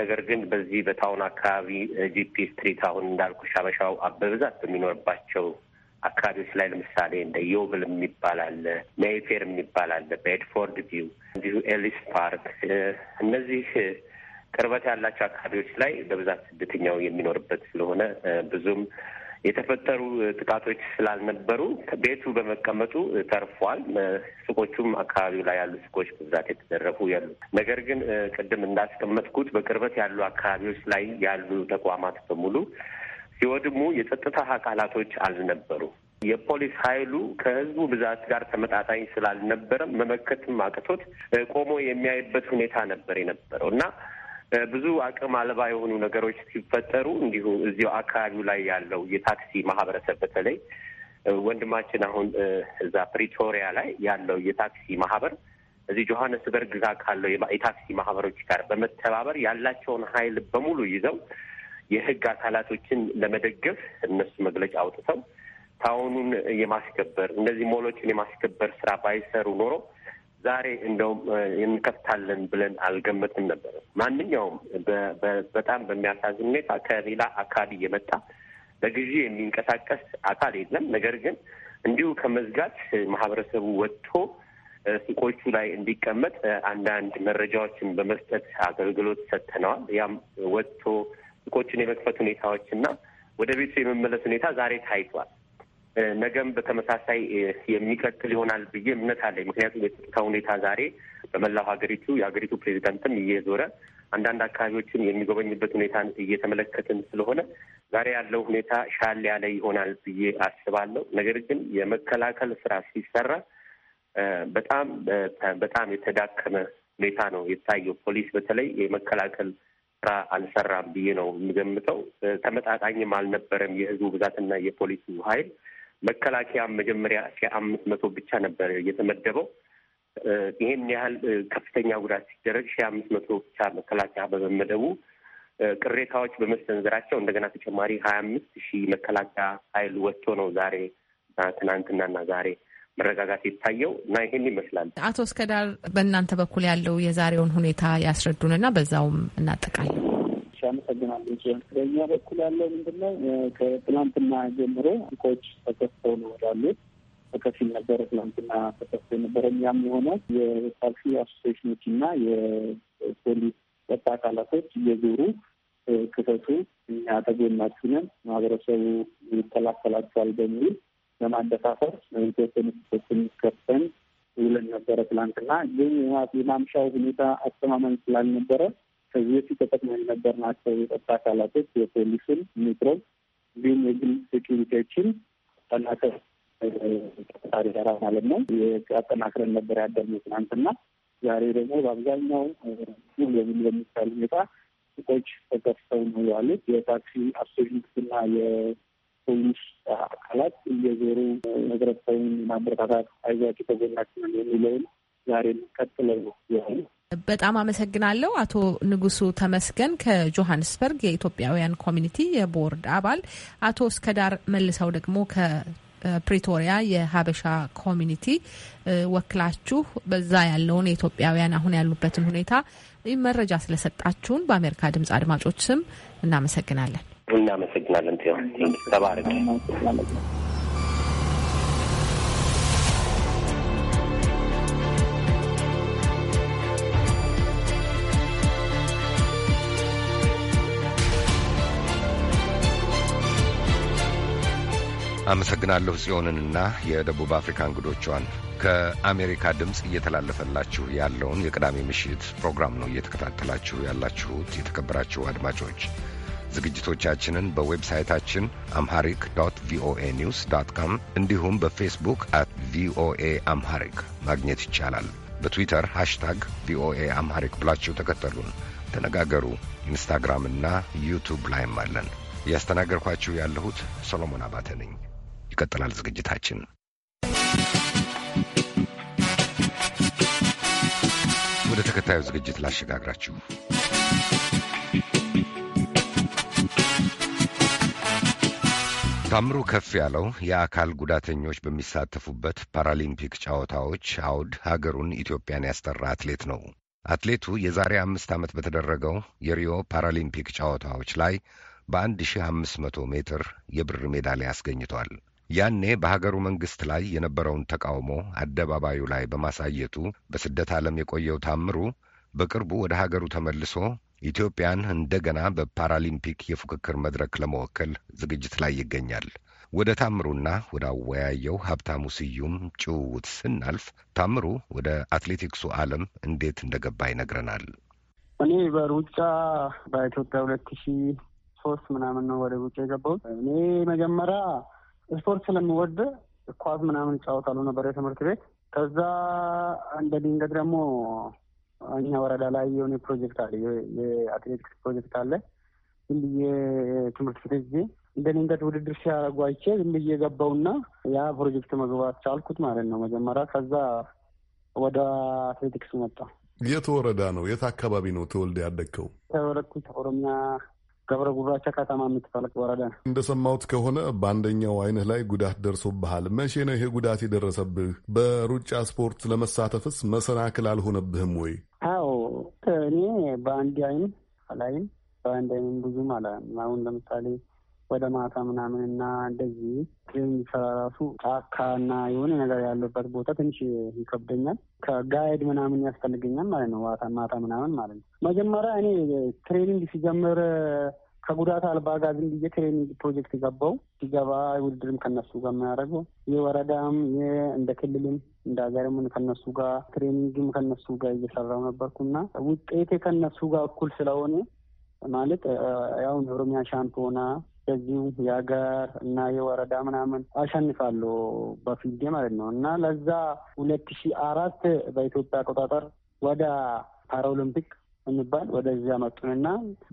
ነገር ግን በዚህ በታውን አካባቢ ጂፒ ስትሪት አሁን እንዳልኩ ሻበሻው በብዛት በሚኖርባቸው አካባቢዎች ላይ ለምሳሌ እንደ ዮብል የሚባል አለ፣ ሜይፌር የሚባል አለ፣ ቪው፣ እንዲሁ ኤሊስ ፓርክ እነዚህ ቅርበት ያላቸው አካባቢዎች ላይ በብዛት ስደተኛው የሚኖርበት ስለሆነ ብዙም የተፈጠሩ ጥቃቶች ስላልነበሩ ቤቱ በመቀመጡ ተርፏል። ሱቆቹም አካባቢው ላይ ያሉ ሱቆች በብዛት የተዘረፉ ያሉ፣ ነገር ግን ቅድም እንዳስቀመጥኩት በቅርበት ያሉ አካባቢዎች ላይ ያሉ ተቋማት በሙሉ ሲወድሙ የጸጥታ አካላቶች አልነበሩ። የፖሊስ ኃይሉ ከህዝቡ ብዛት ጋር ተመጣጣኝ ስላልነበረ መመከትም አቅቶት ቆሞ የሚያይበት ሁኔታ ነበር የነበረው እና ብዙ አቅም አልባ የሆኑ ነገሮች ሲፈጠሩ እንዲሁ እዚሁ አካባቢው ላይ ያለው የታክሲ ማህበረሰብ በተለይ ወንድማችን አሁን እዛ ፕሪቶሪያ ላይ ያለው የታክሲ ማህበር እዚህ ጆሀንስበርግ ጋር ካለው የታክሲ ማህበሮች ጋር በመተባበር ያላቸውን ኃይል በሙሉ ይዘው የህግ አካላቶችን ለመደገፍ እነሱ መግለጫ አውጥተው ታውኑን የማስከበር እነዚህ ሞሎችን የማስከበር ስራ ባይሰሩ ኖሮ ዛሬ እንደውም እንከፍታለን ብለን አልገመትም ነበር። ማንኛውም በጣም በሚያሳዝን ሁኔታ ከሌላ አካባቢ የመጣ በግዢ የሚንቀሳቀስ አካል የለም። ነገር ግን እንዲሁ ከመዝጋት ማህበረሰቡ ወጥቶ ሱቆቹ ላይ እንዲቀመጥ አንዳንድ መረጃዎችን በመስጠት አገልግሎት ሰጥተነዋል። ያም ወጥቶ ሱቆቹን የመክፈት ሁኔታዎች እና ወደ ቤቱ የመመለስ ሁኔታ ዛሬ ታይቷል። ነገም በተመሳሳይ የሚቀጥል ይሆናል ብዬ እምነት አለኝ። ምክንያቱም የጸጥታ ሁኔታ ዛሬ በመላው ሀገሪቱ የሀገሪቱ ፕሬዚዳንትም እየዞረ አንዳንድ አካባቢዎችን የሚጎበኝበት ሁኔታን እየተመለከትን ስለሆነ ዛሬ ያለው ሁኔታ ሻል ያለ ይሆናል ብዬ አስባለሁ። ነገር ግን የመከላከል ስራ ሲሰራ በጣም በጣም የተዳከመ ሁኔታ ነው የታየው። ፖሊስ በተለይ የመከላከል ስራ አልሰራም ብዬ ነው የምገምተው። ተመጣጣኝም አልነበረም የህዝቡ ብዛትና የፖሊሱ ኃይል መከላከያ መጀመሪያ ሺህ አምስት መቶ ብቻ ነበር የተመደበው። ይህን ያህል ከፍተኛ ጉዳት ሲደረግ ሺ አምስት መቶ ብቻ መከላከያ በመመደቡ ቅሬታዎች በመሰንዘራቸው እንደገና ተጨማሪ ሀያ አምስት ሺህ መከላከያ ኃይል ወጥቶ ነው ዛሬ ትናንትናና ዛሬ መረጋጋት የታየው እና ይህን ይመስላል። አቶ እስከዳር በእናንተ በኩል ያለው የዛሬውን ሁኔታ ያስረዱንና በዛውም እናጠቃለን። እሺ፣ አመሰግናለሁ ጽዮን። በእኛ በኩል ያለው ምንድን ነው? ከትላንትና ጀምሮ ሱቆች ተከፍተው ነው ያሉት። በከፊል ነበረ ትላንትና ተከፍቶ የነበረ። እኛም የሆነው የታክሲ አሶሴሽኖች እና የፖሊስ ጸጥታ አካላቶች እየዞሩ ክፈቱ፣ እኛ አጠገናችሁ ነን፣ ማህበረሰቡ ይከላከላቸዋል በሚል ለማደፋፈር የተወሰኑ ሱቆችን ከፍተን ውለን ነበረ ትላንትና። ግን የማምሻው ሁኔታ አስተማመን ስላልነበረ ከዚህ በፊት ተጠቅመን የነበርናቸው የጸጥታ አካላቶች የፖሊስን፣ ሜትሮን እንዲሁም የግል ሴኪሪቲዎችን ጠናከር ጠጣሪ ጋራ ማለት ነው አጠናክረን ነበር ያደርነው ትናንትና። ዛሬ ደግሞ በአብዛኛው ሙሉ በሙሉ በሚቻል ሁኔታ ሱቆች ተከፍተው ነው ያሉት። የታክሲ አሶሽንትና የፖሊስ አካላት እየዞሩ ህብረተሰቡን ማበረታታት አይዟቸው፣ ከጎናችን የሚለውን ዛሬ ቀጥለው ያሉት በጣም አመሰግናለሁ አቶ ንጉሱ ተመስገን ከጆሀንስበርግ የኢትዮጵያውያን ኮሚኒቲ የቦርድ አባል፣ አቶ እስከዳር መልሰው ደግሞ ከፕሪቶሪያ የሀበሻ ኮሚኒቲ ወክላችሁ በዛ ያለውን የኢትዮጵያውያን አሁን ያሉበትን ሁኔታ መረጃ ስለሰጣችሁን በአሜሪካ ድምፅ አድማጮች ስም እናመሰግናለን። እናመሰግናለን። ጤና ተባረክ። አመሰግናለሁ ጽዮንንና የደቡብ አፍሪካ እንግዶቿን። ከአሜሪካ ድምፅ እየተላለፈላችሁ ያለውን የቅዳሜ ምሽት ፕሮግራም ነው እየተከታተላችሁ ያላችሁት። የተከበራችሁ አድማጮች ዝግጅቶቻችንን በዌብሳይታችን አምሃሪክ ዶት ቪኦኤ ኒውስ ዶት ካም እንዲሁም በፌስቡክ አት ቪኦኤ አምሃሪክ ማግኘት ይቻላል። በትዊተር ሃሽታግ ቪኦኤ አምሃሪክ ብላችሁ ተከተሉን፣ ተነጋገሩ። ኢንስታግራም ዩቱብ ላይም አለን። እያስተናገርኳችሁ ያለሁት ሰሎሞን አባተ ነኝ። ይቀጥላል ዝግጅታችን። ወደ ተከታዩ ዝግጅት ላሸጋግራችሁ። ታምሩ ከፍ ያለው የአካል ጉዳተኞች በሚሳተፉበት ፓራሊምፒክ ጨዋታዎች አውድ ሀገሩን ኢትዮጵያን ያስጠራ አትሌት ነው። አትሌቱ የዛሬ አምስት ዓመት በተደረገው የሪዮ ፓራሊምፒክ ጨዋታዎች ላይ በ 1500 ሜትር የብር ሜዳሊያ አስገኝቷል። ያኔ በሀገሩ መንግስት ላይ የነበረውን ተቃውሞ አደባባዩ ላይ በማሳየቱ በስደት ዓለም የቆየው ታምሩ በቅርቡ ወደ ሀገሩ ተመልሶ ኢትዮጵያን እንደገና በፓራሊምፒክ የፉክክር መድረክ ለመወከል ዝግጅት ላይ ይገኛል። ወደ ታምሩና ወደ አወያየው ሀብታሙ ስዩም ጭውውት ስናልፍ ታምሩ ወደ አትሌቲክሱ ዓለም እንዴት እንደገባ ይነግረናል። እኔ በሩጫ በኢትዮጵያ ሁለት ሺህ ሶስት ምናምን ነው ወደ ሩጫ የገባሁት። እኔ መጀመሪያ ስፖርት ስለምወድ ኳስ ምናምን እጫወታለሁ ነበር የትምህርት ቤት። ከዛ እንደ ድንገት ደግሞ እኛ ወረዳ ላይ የሆነ ፕሮጀክት አለ፣ የአትሌቲክስ ፕሮጀክት አለ። ዝም ብዬ ትምህርት ቤት ጊዜ እንደ ድንገት ውድድር ሲያደርጉ አይቼ ዝም ብዬ ገባውና ያ ፕሮጀክት መግባት ቻልኩት ማለት ነው መጀመሪያ። ከዛ ወደ አትሌቲክስ መጣ። የት ወረዳ ነው? የት አካባቢ ነው ተወልደ ያደግከው? ተወለድኩት ኦሮሚያ ገብረ ጉራቻ ከተማ የምትፈለቅ ወረዳ ነው። እንደሰማሁት ከሆነ በአንደኛው አይንህ ላይ ጉዳት ደርሶብሃል። መቼ ነው ይሄ ጉዳት የደረሰብህ? በሩጫ ስፖርት ለመሳተፍስ መሰናክል አልሆነብህም ወይ? አዎ እኔ በአንድ አይን አላይም፣ በአንድ አይንም ብዙም አላ አሁን ለምሳሌ ወደ ማታ ምናምን እና እንደዚህ ራሱ ጫካ እና የሆነ ነገር ያለበት ቦታ ትንሽ ይከብደኛል። ከጋይድ ምናምን ያስፈልገኛል ማለት ነው። ማታ ማታ ምናምን ማለት ነው። መጀመሪያ እኔ ትሬኒንግ ሲጀምር ከጉዳት አልባ ጋር ዝም ብዬ ትሬኒንግ ፕሮጀክት ገባው። ሲገባ ውድድርም ከነሱ ጋር የሚያደርገው የወረዳም እንደ ክልልም እንደ ሀገርም ከነሱ ጋር ትሬኒንግም ከነሱ ጋር እየሰራው ነበርኩና ውጤቴ ከነሱ ጋር እኩል ስለሆነ ማለት ያው ኦሮሚያ ሻምፒዮና በዚሁ የሀገር እና የወረዳ ምናምን አሸንፋለሁ በፊልዴ ማለት ነው እና ለዛ ሁለት ሺ አራት በኢትዮጵያ አቆጣጠር ወደ ፓራኦሎምፒክ የሚባል ወደዚያ መጡንና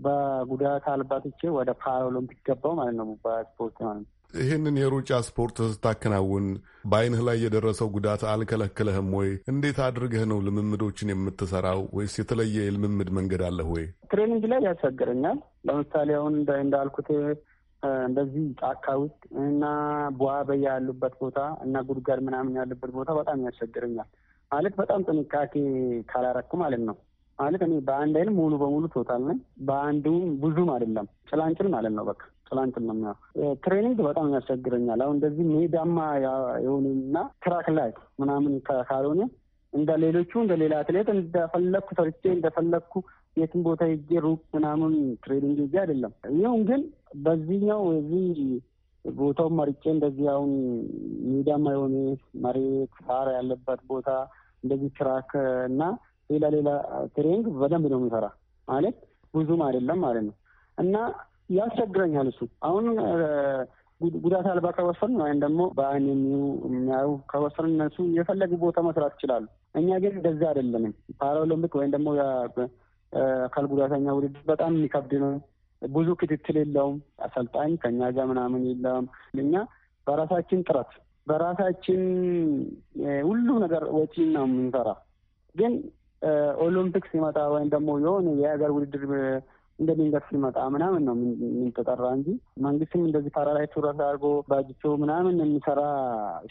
በጉዳት አልባትቼ ወደ ፓራኦሎምፒክ ገባው ማለት ነው በስፖርት ማለት ነው። ይህንን የሩጫ ስፖርት ስታከናውን በአይንህ ላይ የደረሰው ጉዳት አልከለከለህም ወይ? እንዴት አድርገህ ነው ልምምዶችን የምትሰራው? ወይስ የተለየ የልምምድ መንገድ አለህ ወይ? ትሬኒንግ ላይ ያስቸግረኛል። ለምሳሌ አሁን እንዳልኩት እንደዚህ ጫካ ውስጥ እና በዋበያ ያሉበት ቦታ እና ጉድጓድ ምናምን ያለበት ቦታ በጣም ያስቸግረኛል። ማለት በጣም ጥንቃቄ ካላረኩ ማለት ነው። ማለት እኔ በአንድ አይንም ሙሉ በሙሉ ቶታል ነኝ፣ በአንዱም ብዙም አይደለም፣ ጭላንጭል ማለት ነው። በቃ ጭላንጭል ነው የሚሆነው። ትሬኒንግ በጣም ያስቸግረኛል። አሁን እንደዚህ ሜዳማ የሆነና ትራክ ላይ ምናምን ካልሆነ እንደ ሌሎቹ እንደ ሌላ አትሌት እንደፈለግኩ ሰርቼ እንደፈለግኩ የትም ቦታ ሄጄ ሩቅ ምናምን ትሬኒንግ ጊዜ አይደለም። ይሁን ግን በዚህኛው እዚህ ቦታውን መርጬ እንደዚህ አሁን ሜዳማ የሆነ መሬት ሳር ያለበት ቦታ እንደዚህ ትራክ እና ሌላ ሌላ ትሬኒንግ በደንብ ነው የሚሰራ ማለት ብዙም አይደለም ማለት ነው እና ያስቸግረኛል እሱ አሁን ጉዳት አልባ ከወሰን ወይም ደግሞ በአይን የሚያዩ ከወሰን እነሱ የፈለጉ ቦታ መስራት ይችላሉ። እኛ ግን እንደዚህ አይደለንም። ፓራኦሎምፒክ ወይም ደግሞ አካል ጉዳተኛ ውድድር በጣም የሚከብድ ነው። ብዙ ክትትል የለውም። አሰልጣኝ ከኛ ጋር ምናምን የለም። እኛ በራሳችን ጥረት በራሳችን ሁሉ ነገር ወጪ ነው የምንሰራ። ግን ኦሎምፒክስ ሲመጣ ወይም ደግሞ የሆነ የሀገር ውድድር እንደ ድንገት ሲመጣ ምናምን ነው የምንተጠራ እንጂ መንግስትም እንደዚህ ፓራላይ ቱረት አድርጎ ባጅቶ ምናምን የሚሰራ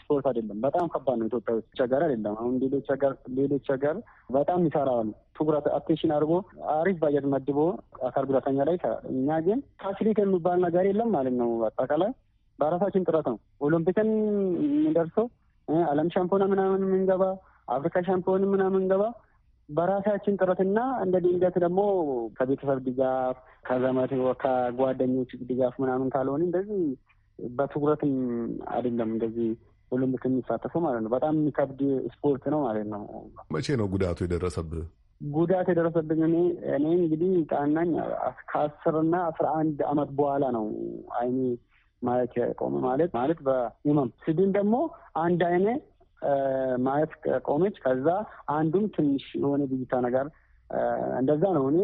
ስፖርት አይደለም። በጣም ከባድ ነው። ኢትዮጵያ ውስጥ ቸገር አይደለም። አሁን ሌሎች ሀገር ሌሎች ሀገር በጣም ይሰራዋል። ትኩረት አቴንሽን አድርጎ አሪፍ ባጀት መድቦ አካል ጉዳተኛ ላይ እኛ ግን ፋሲሊቲ የሚባል ነገር የለም ማለት ነው። አጠቃላይ በራሳችን ጥረት ነው ኦሎምፒክን የምንደርሰው አለም ሻምፒዮና ምናምን የምንገባ አፍሪካ ሻምፒዮን ምናምን ገባ በራሳችን ጥረትና እንደ ድንገት ደግሞ ከቤተሰብ ድጋፍ፣ ከዘመድ ከጓደኞች ድጋፍ ምናምን ካልሆነ እንደዚህ በትኩረትም አይደለም እንደዚህ ሁሉም የሚሳተፉ ማለት ነው። በጣም የሚከብድ ስፖርት ነው ማለት ነው። መቼ ነው ጉዳቱ የደረሰብህ? ጉዳት የደረሰብኝ እኔ እኔ እንግዲህ ጣናኝ ከአስርና አስራ አንድ አመት በኋላ ነው አይኔ ማለት የቆመ ማለት ማለት በህመም ስድን ደግሞ አንድ አይኔ ማየት ቆመች። ከዛ አንዱም ትንሽ የሆነ ብይታ ነገር እንደዛ ነው። እኔ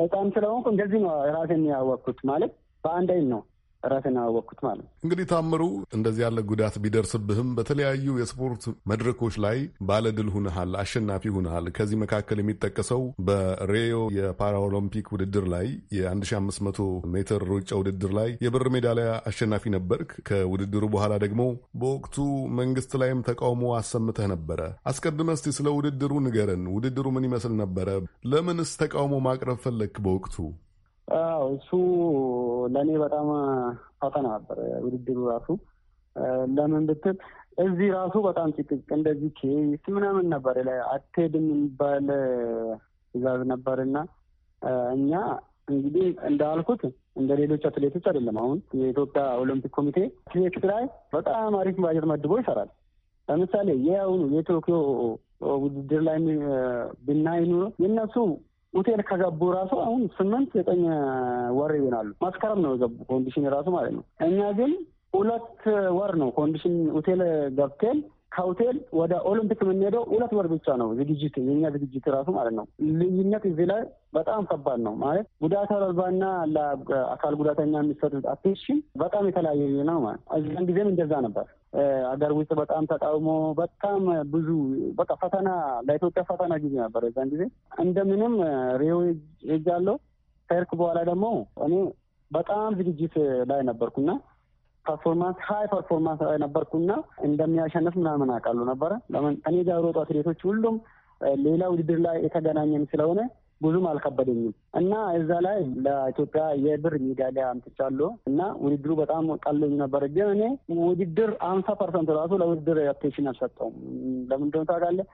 ህፃን ስለሆንኩ እንደዚህ ነው ራሴን ያወቅኩት ማለት በአንድ አይን ነው ራሴን አወቅኩት ማለት ነው። እንግዲህ ታምሩ፣ እንደዚህ ያለ ጉዳት ቢደርስብህም በተለያዩ የስፖርት መድረኮች ላይ ባለድል ሁንሃል፣ አሸናፊ ሁንሃል። ከዚህ መካከል የሚጠቀሰው በሬዮ የፓራኦሎምፒክ ውድድር ላይ የ1500 ሜትር ሩጫ ውድድር ላይ የብር ሜዳሊያ አሸናፊ ነበርክ። ከውድድሩ በኋላ ደግሞ በወቅቱ መንግስት ላይም ተቃውሞ አሰምተህ ነበረ። አስቀድመ እስቲ ስለ ውድድሩ ንገረን። ውድድሩ ምን ይመስል ነበረ? ለምንስ ተቃውሞ ማቅረብ ፈለግክ በወቅቱ? እሱ ለእኔ በጣም ፈተና ነበር። ውድድሩ ራሱ ለምን ብትል እዚህ ራሱ በጣም ጭቅጭቅ እንደዚህ ኬስ ምናምን ነበር፣ ላይ አትሄድም የሚባል ትእዛዝ ነበር እና እኛ እንግዲህ እንዳልኩት እንደ ሌሎች አትሌቶች አይደለም። አሁን የኢትዮጵያ ኦሎምፒክ ኮሚቴ አትሌቲክስ ላይ በጣም አሪፍ ባጀት መድቦ ይሰራል። ለምሳሌ የአሁኑ የቶኪዮ ውድድር ላይ ብናይ ኑሮ የእነሱ ሆቴል ከገቡ ራሱ አሁን ስምንት ዘጠኝ ወር ይሆናሉ። መስከረም ነው የገቡ ኮንዲሽን ራሱ ማለት ነው። እኛ ግን ሁለት ወር ነው ኮንዲሽን ሆቴል ገብቴል ከሆቴል ወደ ኦሎምፒክ የምንሄደው ሁለት ወር ብቻ ነው ዝግጅት የኛ ዝግጅት ራሱ ማለት ነው። ልዩነት እዚህ ላይ በጣም ከባድ ነው ማለት ጉዳት አልባና ለአካል ጉዳተኛ የሚሰጡት አቴንሽን በጣም የተለያየ ነው ማለት እዚያን ጊዜም እንደዛ ነበር። አገር ውስጥ በጣም ተቃውሞ በጣም ብዙ በቃ ፈተና ለኢትዮጵያ ፈተና ጊዜ ነበር። እዛን ጊዜ እንደምንም ሪዮ ሄጃለሁ። ከሄድኩ በኋላ ደግሞ እኔ በጣም ዝግጅት ላይ ነበርኩና ፐርፎርማንስ ሀይ ፐርፎርማንስ ላይ ነበርኩና እንደሚያሸንፍ ምናምን አውቃለሁ ነበረ። ለምን እኔ ጋር ሮጡ አትሌቶች ሁሉም ሌላ ውድድር ላይ የተገናኘን ስለሆነ ብዙም አልከበደኝም እና እዛ ላይ ለኢትዮጵያ የብር ሜዳሊያ አምጥቻለሁ እና ውድድሩ በጣም ቀሎኝ ነበር። ግን እኔ ውድድር አምሳ ፐርሰንት ራሱ ለውድድር አቴንሽን አልሰጠውም። ለምን እንደሆነ ታውቃለህ?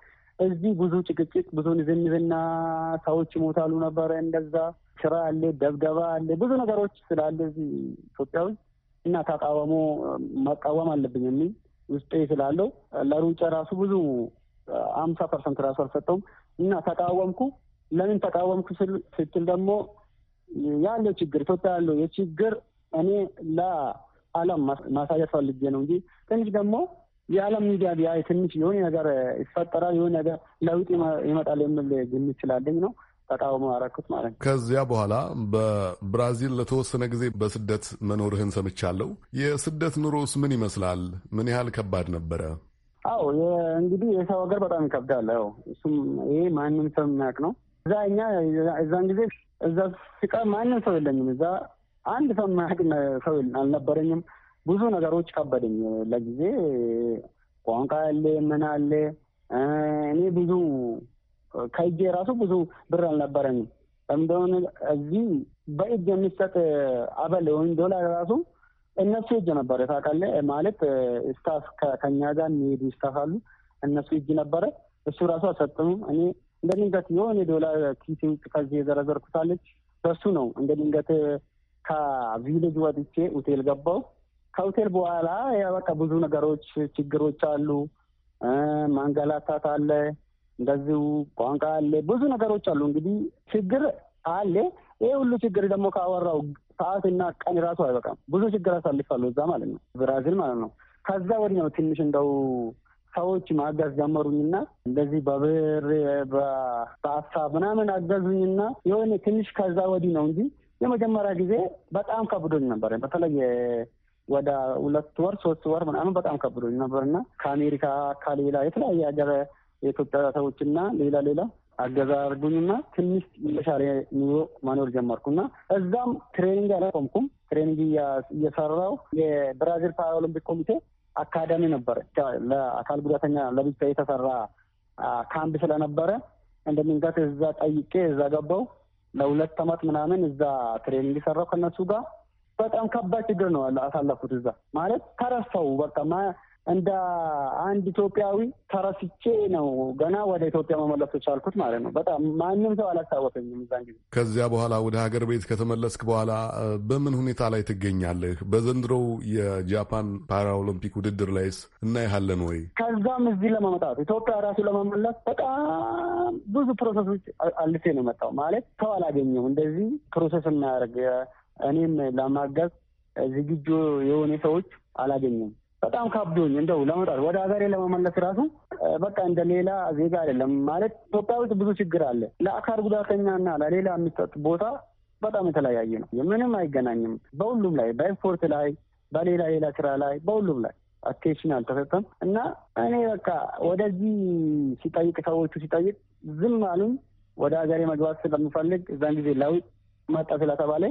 እዚህ ብዙ ጭቅጭቅ፣ ብዙ ንዝንዝና ሰዎች ይሞታሉ ነበረ። እንደዛ ስራ አለ፣ ደብደባ አለ፣ ብዙ ነገሮች ስላለ እዚህ ኢትዮጵያ ውስጥ እና ተቃወሞ መቃወም አለብኝ የሚል ውስጤ ስላለው ለሩጫ ራሱ ብዙ አምሳ ፐርሰንት ራሱ አልሰጠውም እና ተቃወምኩ። ለምን ተቃወምክ ስትል ደግሞ ያለው ችግር ኢትዮጵያ ያለው የችግር እኔ ለዓለም ማሳየት ፈልጌ ነው እንጂ ትንሽ ደግሞ የዓለም ሚዲያ ቢያይ ትንሽ የሆነ ነገር ይፈጠራል፣ የሆነ ነገር ለውጥ ይመጣል የሚል ግምት ስላለኝ ነው ተቃውሞ ያደረኩት ማለት ነው። ከዚያ በኋላ በብራዚል ለተወሰነ ጊዜ በስደት መኖርህን ሰምቻለሁ። የስደት ኑሮስ ምን ይመስላል? ምን ያህል ከባድ ነበረ? አዎ እንግዲህ የሰው ሀገር በጣም ይከብዳል። ይሄ ማንም ሰው የሚያውቅ ነው። እዛ እኛ እዛን ጊዜ እዛ ሲቀ ማንም ሰው የለኝም። እዛ አንድ ሰው የማያውቅ ሰው አልነበረኝም። ብዙ ነገሮች ከበደኝ። ለጊዜ ቋንቋ ያለ ምን አለ እኔ ብዙ ከእጄ ራሱ ብዙ ብር አልነበረኝም። እንደሆነ እዚህ በእጅ የሚሰጥ አበል ወይም ዶላር ራሱ እነሱ እጅ ነበረ። ታውቃለህ ማለት ስታፍ ከኛ ጋር የሚሄዱ ስታፍ አሉ። እነሱ እጅ ነበረ። እሱ ራሱ አሰጥሙ እኔ እንደ ድንገት የሆነ ዶላር ኪሴ ውስጥ ከዚህ የዘረዘርኩታለች። በሱ ነው እንደ ድንገት ከቪሌጅ ወጥቼ ሆቴል ገባው። ከሆቴል በኋላ በቃ ብዙ ነገሮች ችግሮች አሉ። ማንገላታት አለ፣ እንደዚሁ ቋንቋ አለ፣ ብዙ ነገሮች አሉ። እንግዲህ ችግር አለ። ይህ ሁሉ ችግር ደግሞ ካወራው ሰዓትና ቀን ራሱ አይበቃም። ብዙ ችግር አሳልፋሉ እዛ ማለት ነው፣ ብራዚል ማለት ነው። ከዛ ወዲህ ነው ትንሽ እንደው ሰዎች ማገዝ ጀመሩኝና እንደዚህ በብር በአሳ ምናምን አገዙኝና የሆነ ትንሽ ከዛ ወዲህ ነው እንጂ የመጀመሪያ ጊዜ በጣም ከብዶኝ ነበር። በተለይ ወደ ሁለት ወር ሶስት ወር ምናምን በጣም ከብዶኝ ነበርና ከአሜሪካ ከሌላ የተለያየ ሀገር የኢትዮጵያ ሰዎችና ሌላ ሌላ አገዛ አድርጉኝና ትንሽ የተሻለ ኑሮ መኖር ጀመርኩና እዛም ትሬኒንግ አላቆምኩም። ትሬኒንግ እየሰራው የብራዚል ፓራኦሎምፒክ ኮሚቴ አካዳሚ ነበር። ለአካል ጉዳተኛ ለብቻ የተሰራ ካምፕ ስለነበረ እንደምንጋት እዛ ጠይቄ እዛ ገባው። ለሁለት ዓመት ምናምን እዛ ትሬኒንግ ሰራው ከነሱ ጋር። በጣም ከባድ ችግር ነው አሳለፉት። እዛ ማለት ተረሳው በቃ እንደ አንድ ኢትዮጵያዊ ተረስቼ ነው ገና ወደ ኢትዮጵያ መመለስ ቻልኩት ማለት ነው። በጣም ማንም ሰው አላስታወሰኝም እዛን ጊዜ። ከዚያ በኋላ ወደ ሀገር ቤት ከተመለስክ በኋላ በምን ሁኔታ ላይ ትገኛለህ? በዘንድሮው የጃፓን ፓራኦሎምፒክ ውድድር ላይስ እናይሃለን ወይ? ከዛም እዚህ ለመመጣት ኢትዮጵያ ራሱ ለመመለስ በጣም ብዙ ፕሮሰሶች አልፌ ነው የመጣው። ማለት ሰው አላገኘው እንደዚህ ፕሮሰስ እናያደርግ እኔም ለማገዝ ዝግጁ የሆነ ሰዎች አላገኘም በጣም ካብዶኝ እንደው ለመውጣት ወደ ሀገሬ ለመመለስ ራሱ በቃ እንደ ሌላ ዜጋ አይደለም ማለት። ኢትዮጵያ ውስጥ ብዙ ችግር አለ። ለአካል ጉዳተኛና ለሌላ የሚሰጥ ቦታ በጣም የተለያየ ነው። ምንም አይገናኝም። በሁሉም ላይ በስፖርት ላይ፣ በሌላ ሌላ ስራ ላይ፣ በሁሉም ላይ አቴንሽን አልተሰጠም እና እኔ በቃ ወደዚህ ሲጠይቅ ሰዎቹ ሲጠይቅ ዝም አሉኝ። ወደ ሀገሬ መግባት ስለምፈልግ እዛን ጊዜ ለውጥ መጣ ስለተባለ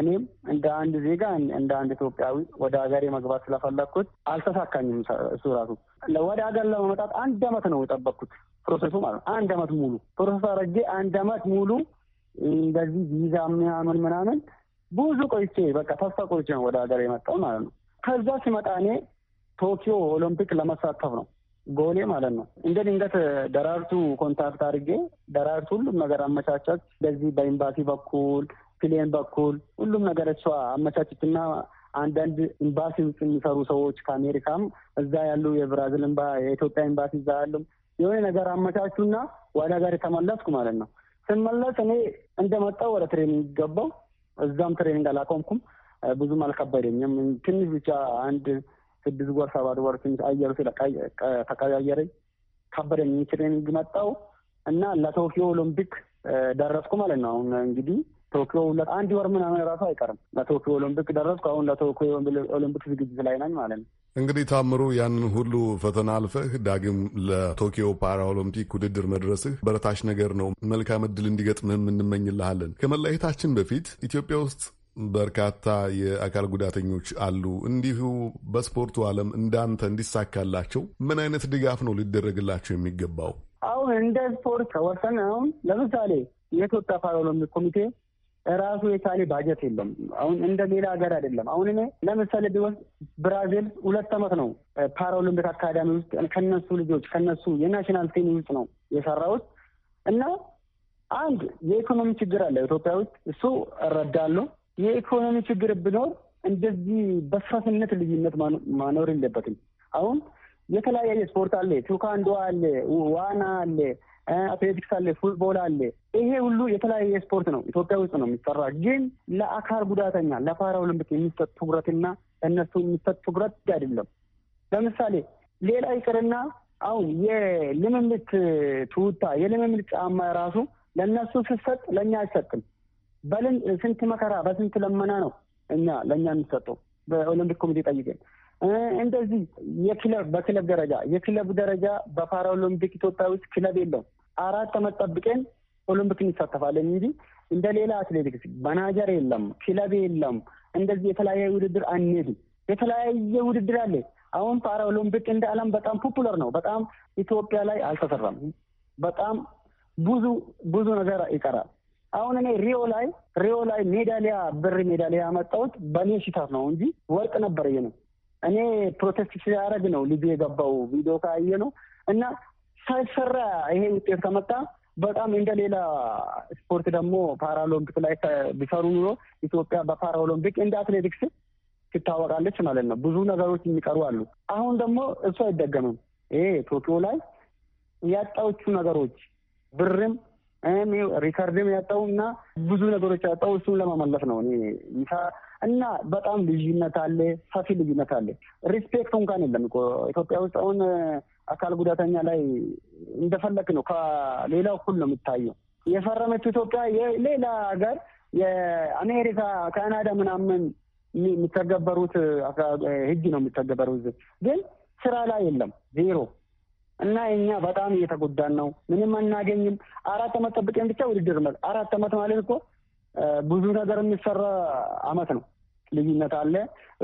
እኔም እንደ አንድ ዜጋ እንደ አንድ ኢትዮጵያዊ ወደ ሀገሬ መግባት ስለፈለግኩት አልተሳካኝም። እሱ ራሱ ወደ ሀገር ለመመጣት አንድ አመት ነው የጠበቅኩት ፕሮሰሱ ማለት ነው። አንድ አመት ሙሉ ፕሮሰስ አረጌ አንድ አመት ሙሉ እንደዚህ ቪዛ ምናምን ምናምን ብዙ ቆይቼ በቃ ተስፋ ቆይቼ ነው ወደ ሀገር የመጣው ማለት ነው። ከዛ ሲመጣ እኔ ቶኪዮ ኦሎምፒክ ለመሳተፍ ነው ጎሌ ማለት ነው። እንደ ድንገት ደራርቱ ኮንታክት አድርጌ ደራርቱ ሁሉም ነገር አመቻቸት በዚህ በኤምባሲ በኩል ፕሌን በኩል ሁሉም ነገር እሷ አመቻችትና አንዳንድ ኤምባሲ ውስጥ የሚሰሩ ሰዎች ከአሜሪካም እዛ ያሉ የብራዚል ኤምባ የኢትዮጵያ ኤምባሲ እዛ ያሉም የሆነ ነገር አመቻቹና ወደ ሀገር የተመለስኩ ማለት ነው። ስመለስ እኔ እንደመጣው ወደ ትሬኒንግ ገባው። እዛም ትሬኒንግ አላቆምኩም። ብዙም አልከበደኝም። ትንሽ ብቻ አንድ ስድስት ወር ሰባት ወር ትንሽ አየሩ ተቀያየረኝ፣ ከበደኝ። ትሬኒንግ መጣው እና ለቶኪዮ ኦሎምፒክ ደረስኩ ማለት ነው። አሁን እንግዲህ ቶኪዮ አንድ ወር ምናምን ራሱ አይቀርም ለቶኪዮ ኦሎምፒክ ደረስኩ። አሁን ለቶኪዮ ኦሎምፒክ ዝግጅት ላይ ነኝ ማለት ነው። እንግዲህ ታምሩ፣ ያንን ሁሉ ፈተና አልፈህ ዳግም ለቶኪዮ ፓራኦሎምፒክ ውድድር መድረስህ በረታሽ ነገር ነው። መልካም እድል እንዲገጥምህም እንመኝልሃለን። ከመለየታችን በፊት ኢትዮጵያ ውስጥ በርካታ የአካል ጉዳተኞች አሉ። እንዲሁ በስፖርቱ ዓለም እንዳንተ እንዲሳካላቸው ምን አይነት ድጋፍ ነው ሊደረግላቸው የሚገባው? አሁን እንደ ስፖርት ከወሰን አሁን ለምሳሌ የኢትዮጵያ ፓራኦሎምፒክ ኮሚቴ ራሱ የቻለ ባጀት የለም። አሁን እንደ ሌላ ሀገር አይደለም። አሁን እኔ ለምሳሌ ቢወስድ ብራዚል ሁለት ዓመት ነው ፓራኦሎምፒክ አካዳሚ ውስጥ ከነሱ ልጆች ከነሱ የናሽናል ቲም ውስጥ ነው የሰራሁት እና አንድ የኢኮኖሚ ችግር አለ ኢትዮጵያ ውስጥ እሱ እረዳለሁ። የኢኮኖሚ ችግር ብኖር እንደዚህ በስፋትነት ልዩነት ማኖር የለበትም። አሁን የተለያየ ስፖርት አለ። ቱካንዶ አለ፣ ዋና አለ አትሌቲክስ አለ፣ ፉትቦል አለ። ይሄ ሁሉ የተለያየ ስፖርት ነው፣ ኢትዮጵያ ውስጥ ነው የሚሰራ። ግን ለአካል ጉዳተኛ ለፓራ ኦሎምፒክ የሚሰጥ ትኩረትና እነሱ የሚሰጥ ትኩረት አይደለም። ለምሳሌ ሌላ ይቅርና አሁን የልምምድ ቱታ የልምምድ ጫማ ራሱ ለእነሱ ስሰጥ ለእኛ አይሰጥም። በልን ስንት መከራ በስንት ለመና ነው እኛ ለእኛ የሚሰጠው በኦሎምፒክ ኮሚቴ ጠይቀን እንደዚህ የክለብ በክለብ ደረጃ የክለብ ደረጃ በፓራኦሎምፒክ ኢትዮጵያ ውስጥ ክለብ የለውም። አራት ዓመት ጠብቀን ኦሎምፒክ እንሳተፋለን እንጂ እንደ ሌላ አትሌቲክስ መናጀር የለም፣ ክለብ የለም። እንደዚህ የተለያየ ውድድር አንሄድም። የተለያየ ውድድር አለ። አሁን ፓራ ኦሎምፒክ እንደ ዓለም በጣም ፖፑለር ነው። በጣም ኢትዮጵያ ላይ አልተሰራም። በጣም ብዙ ብዙ ነገር ይቀራል። አሁን እኔ ሪዮ ላይ ሪዮ ላይ ሜዳሊያ ብር ሜዳሊያ ያመጣሁት በእኔ ሽታት ነው እንጂ ወርቅ ነበር ነው። እኔ ፕሮቴስት ሲያደርግ ነው ልጁ የገባው ቪዲዮ ካየ ነው እና ሳይሰራ ይሄ ውጤት ከመጣ በጣም እንደ ሌላ ስፖርት ደግሞ ፓራኦሎምፒክ ላይ ቢሰሩ ኑሮ ኢትዮጵያ በፓራኦሎምፒክ እንደ አትሌቲክስ ትታወቃለች ማለት ነው። ብዙ ነገሮች የሚቀሩ አሉ። አሁን ደግሞ እሱ አይደገምም። ይሄ ቶኪዮ ላይ ያጣዎቹ ነገሮች ብርም ሪከርድም ያጣው እና ብዙ ነገሮች ያጣው እሱን ለመመለስ ነው እና በጣም ልዩነት አለ፣ ሰፊ ልዩነት አለ። ሪስፔክቱ እንኳን የለም ኢትዮጵያ ውስጥ አሁን አካል ጉዳተኛ ላይ እንደፈለግ ነው። ከሌላው እኩል ነው የሚታየው የፈረመችው ኢትዮጵያ የሌላ ሀገር የአሜሪካ ካናዳ ምናምን የሚተገበሩት ህግ ነው የሚተገበሩት፣ ግን ስራ ላይ የለም ዜሮ። እና እኛ በጣም እየተጎዳን ነው። ምንም አናገኝም። አራት አመት ጠብቀን ብቻ ውድድር መ አራት አመት ማለት እኮ ብዙ ነገር የሚሰራ አመት ነው። ልዩነት አለ።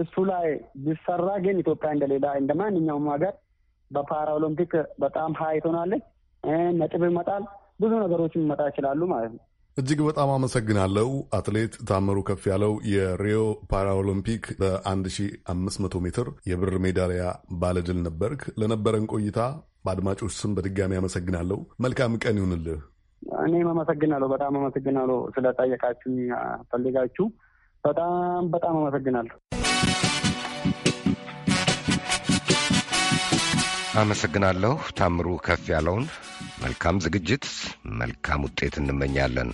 እሱ ላይ ቢሰራ ግን ኢትዮጵያ እንደሌላ እንደ ማንኛውም ሀገር በፓራኦሎምፒክ በጣም ሀይ ትሆናለች። ነጥብ ይመጣል። ብዙ ነገሮች ይመጣ ይችላሉ ማለት ነው። እጅግ በጣም አመሰግናለሁ አትሌት ታምሩ ከፍ ያለው የሪዮ ፓራኦሎምፒክ በ1500 ሜትር የብር ሜዳሊያ ባለድል ነበርክ። ለነበረን ቆይታ በአድማጮች ስም በድጋሚ አመሰግናለሁ። መልካም ቀን ይሁንልህ። እኔም አመሰግናለሁ። በጣም አመሰግናለሁ ስለጠየቃችሁ ፈልጋችሁ በጣም በጣም አመሰግናለሁ። አመሰግናለሁ ታምሩ ከፍ ያለውን። መልካም ዝግጅት፣ መልካም ውጤት እንመኛለን።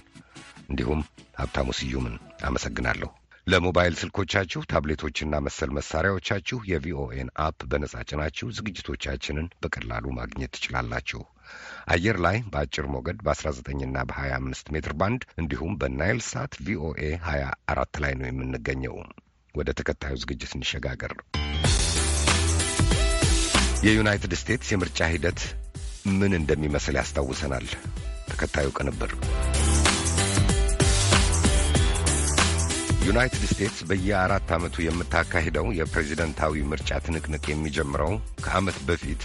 እንዲሁም ሀብታሙ ስዩምን አመሰግናለሁ። ለሞባይል ስልኮቻችሁ ታብሌቶችና መሰል መሳሪያዎቻችሁ የቪኦኤን አፕ በነጻ ጭናችሁ ዝግጅቶቻችንን በቀላሉ ማግኘት ትችላላችሁ። አየር ላይ በአጭር ሞገድ በ19ና በ25 ሜትር ባንድ እንዲሁም በናይል ሳት ቪኦኤ 24 ላይ ነው የምንገኘው። ወደ ተከታዩ ዝግጅት እንሸጋገር። የዩናይትድ ስቴትስ የምርጫ ሂደት ምን እንደሚመስል ያስታውሰናል ተከታዩ ቅንብር። ዩናይትድ ስቴትስ በየአራት ዓመቱ የምታካሂደው የፕሬዚደንታዊ ምርጫ ትንቅንቅ የሚጀምረው ከዓመት በፊት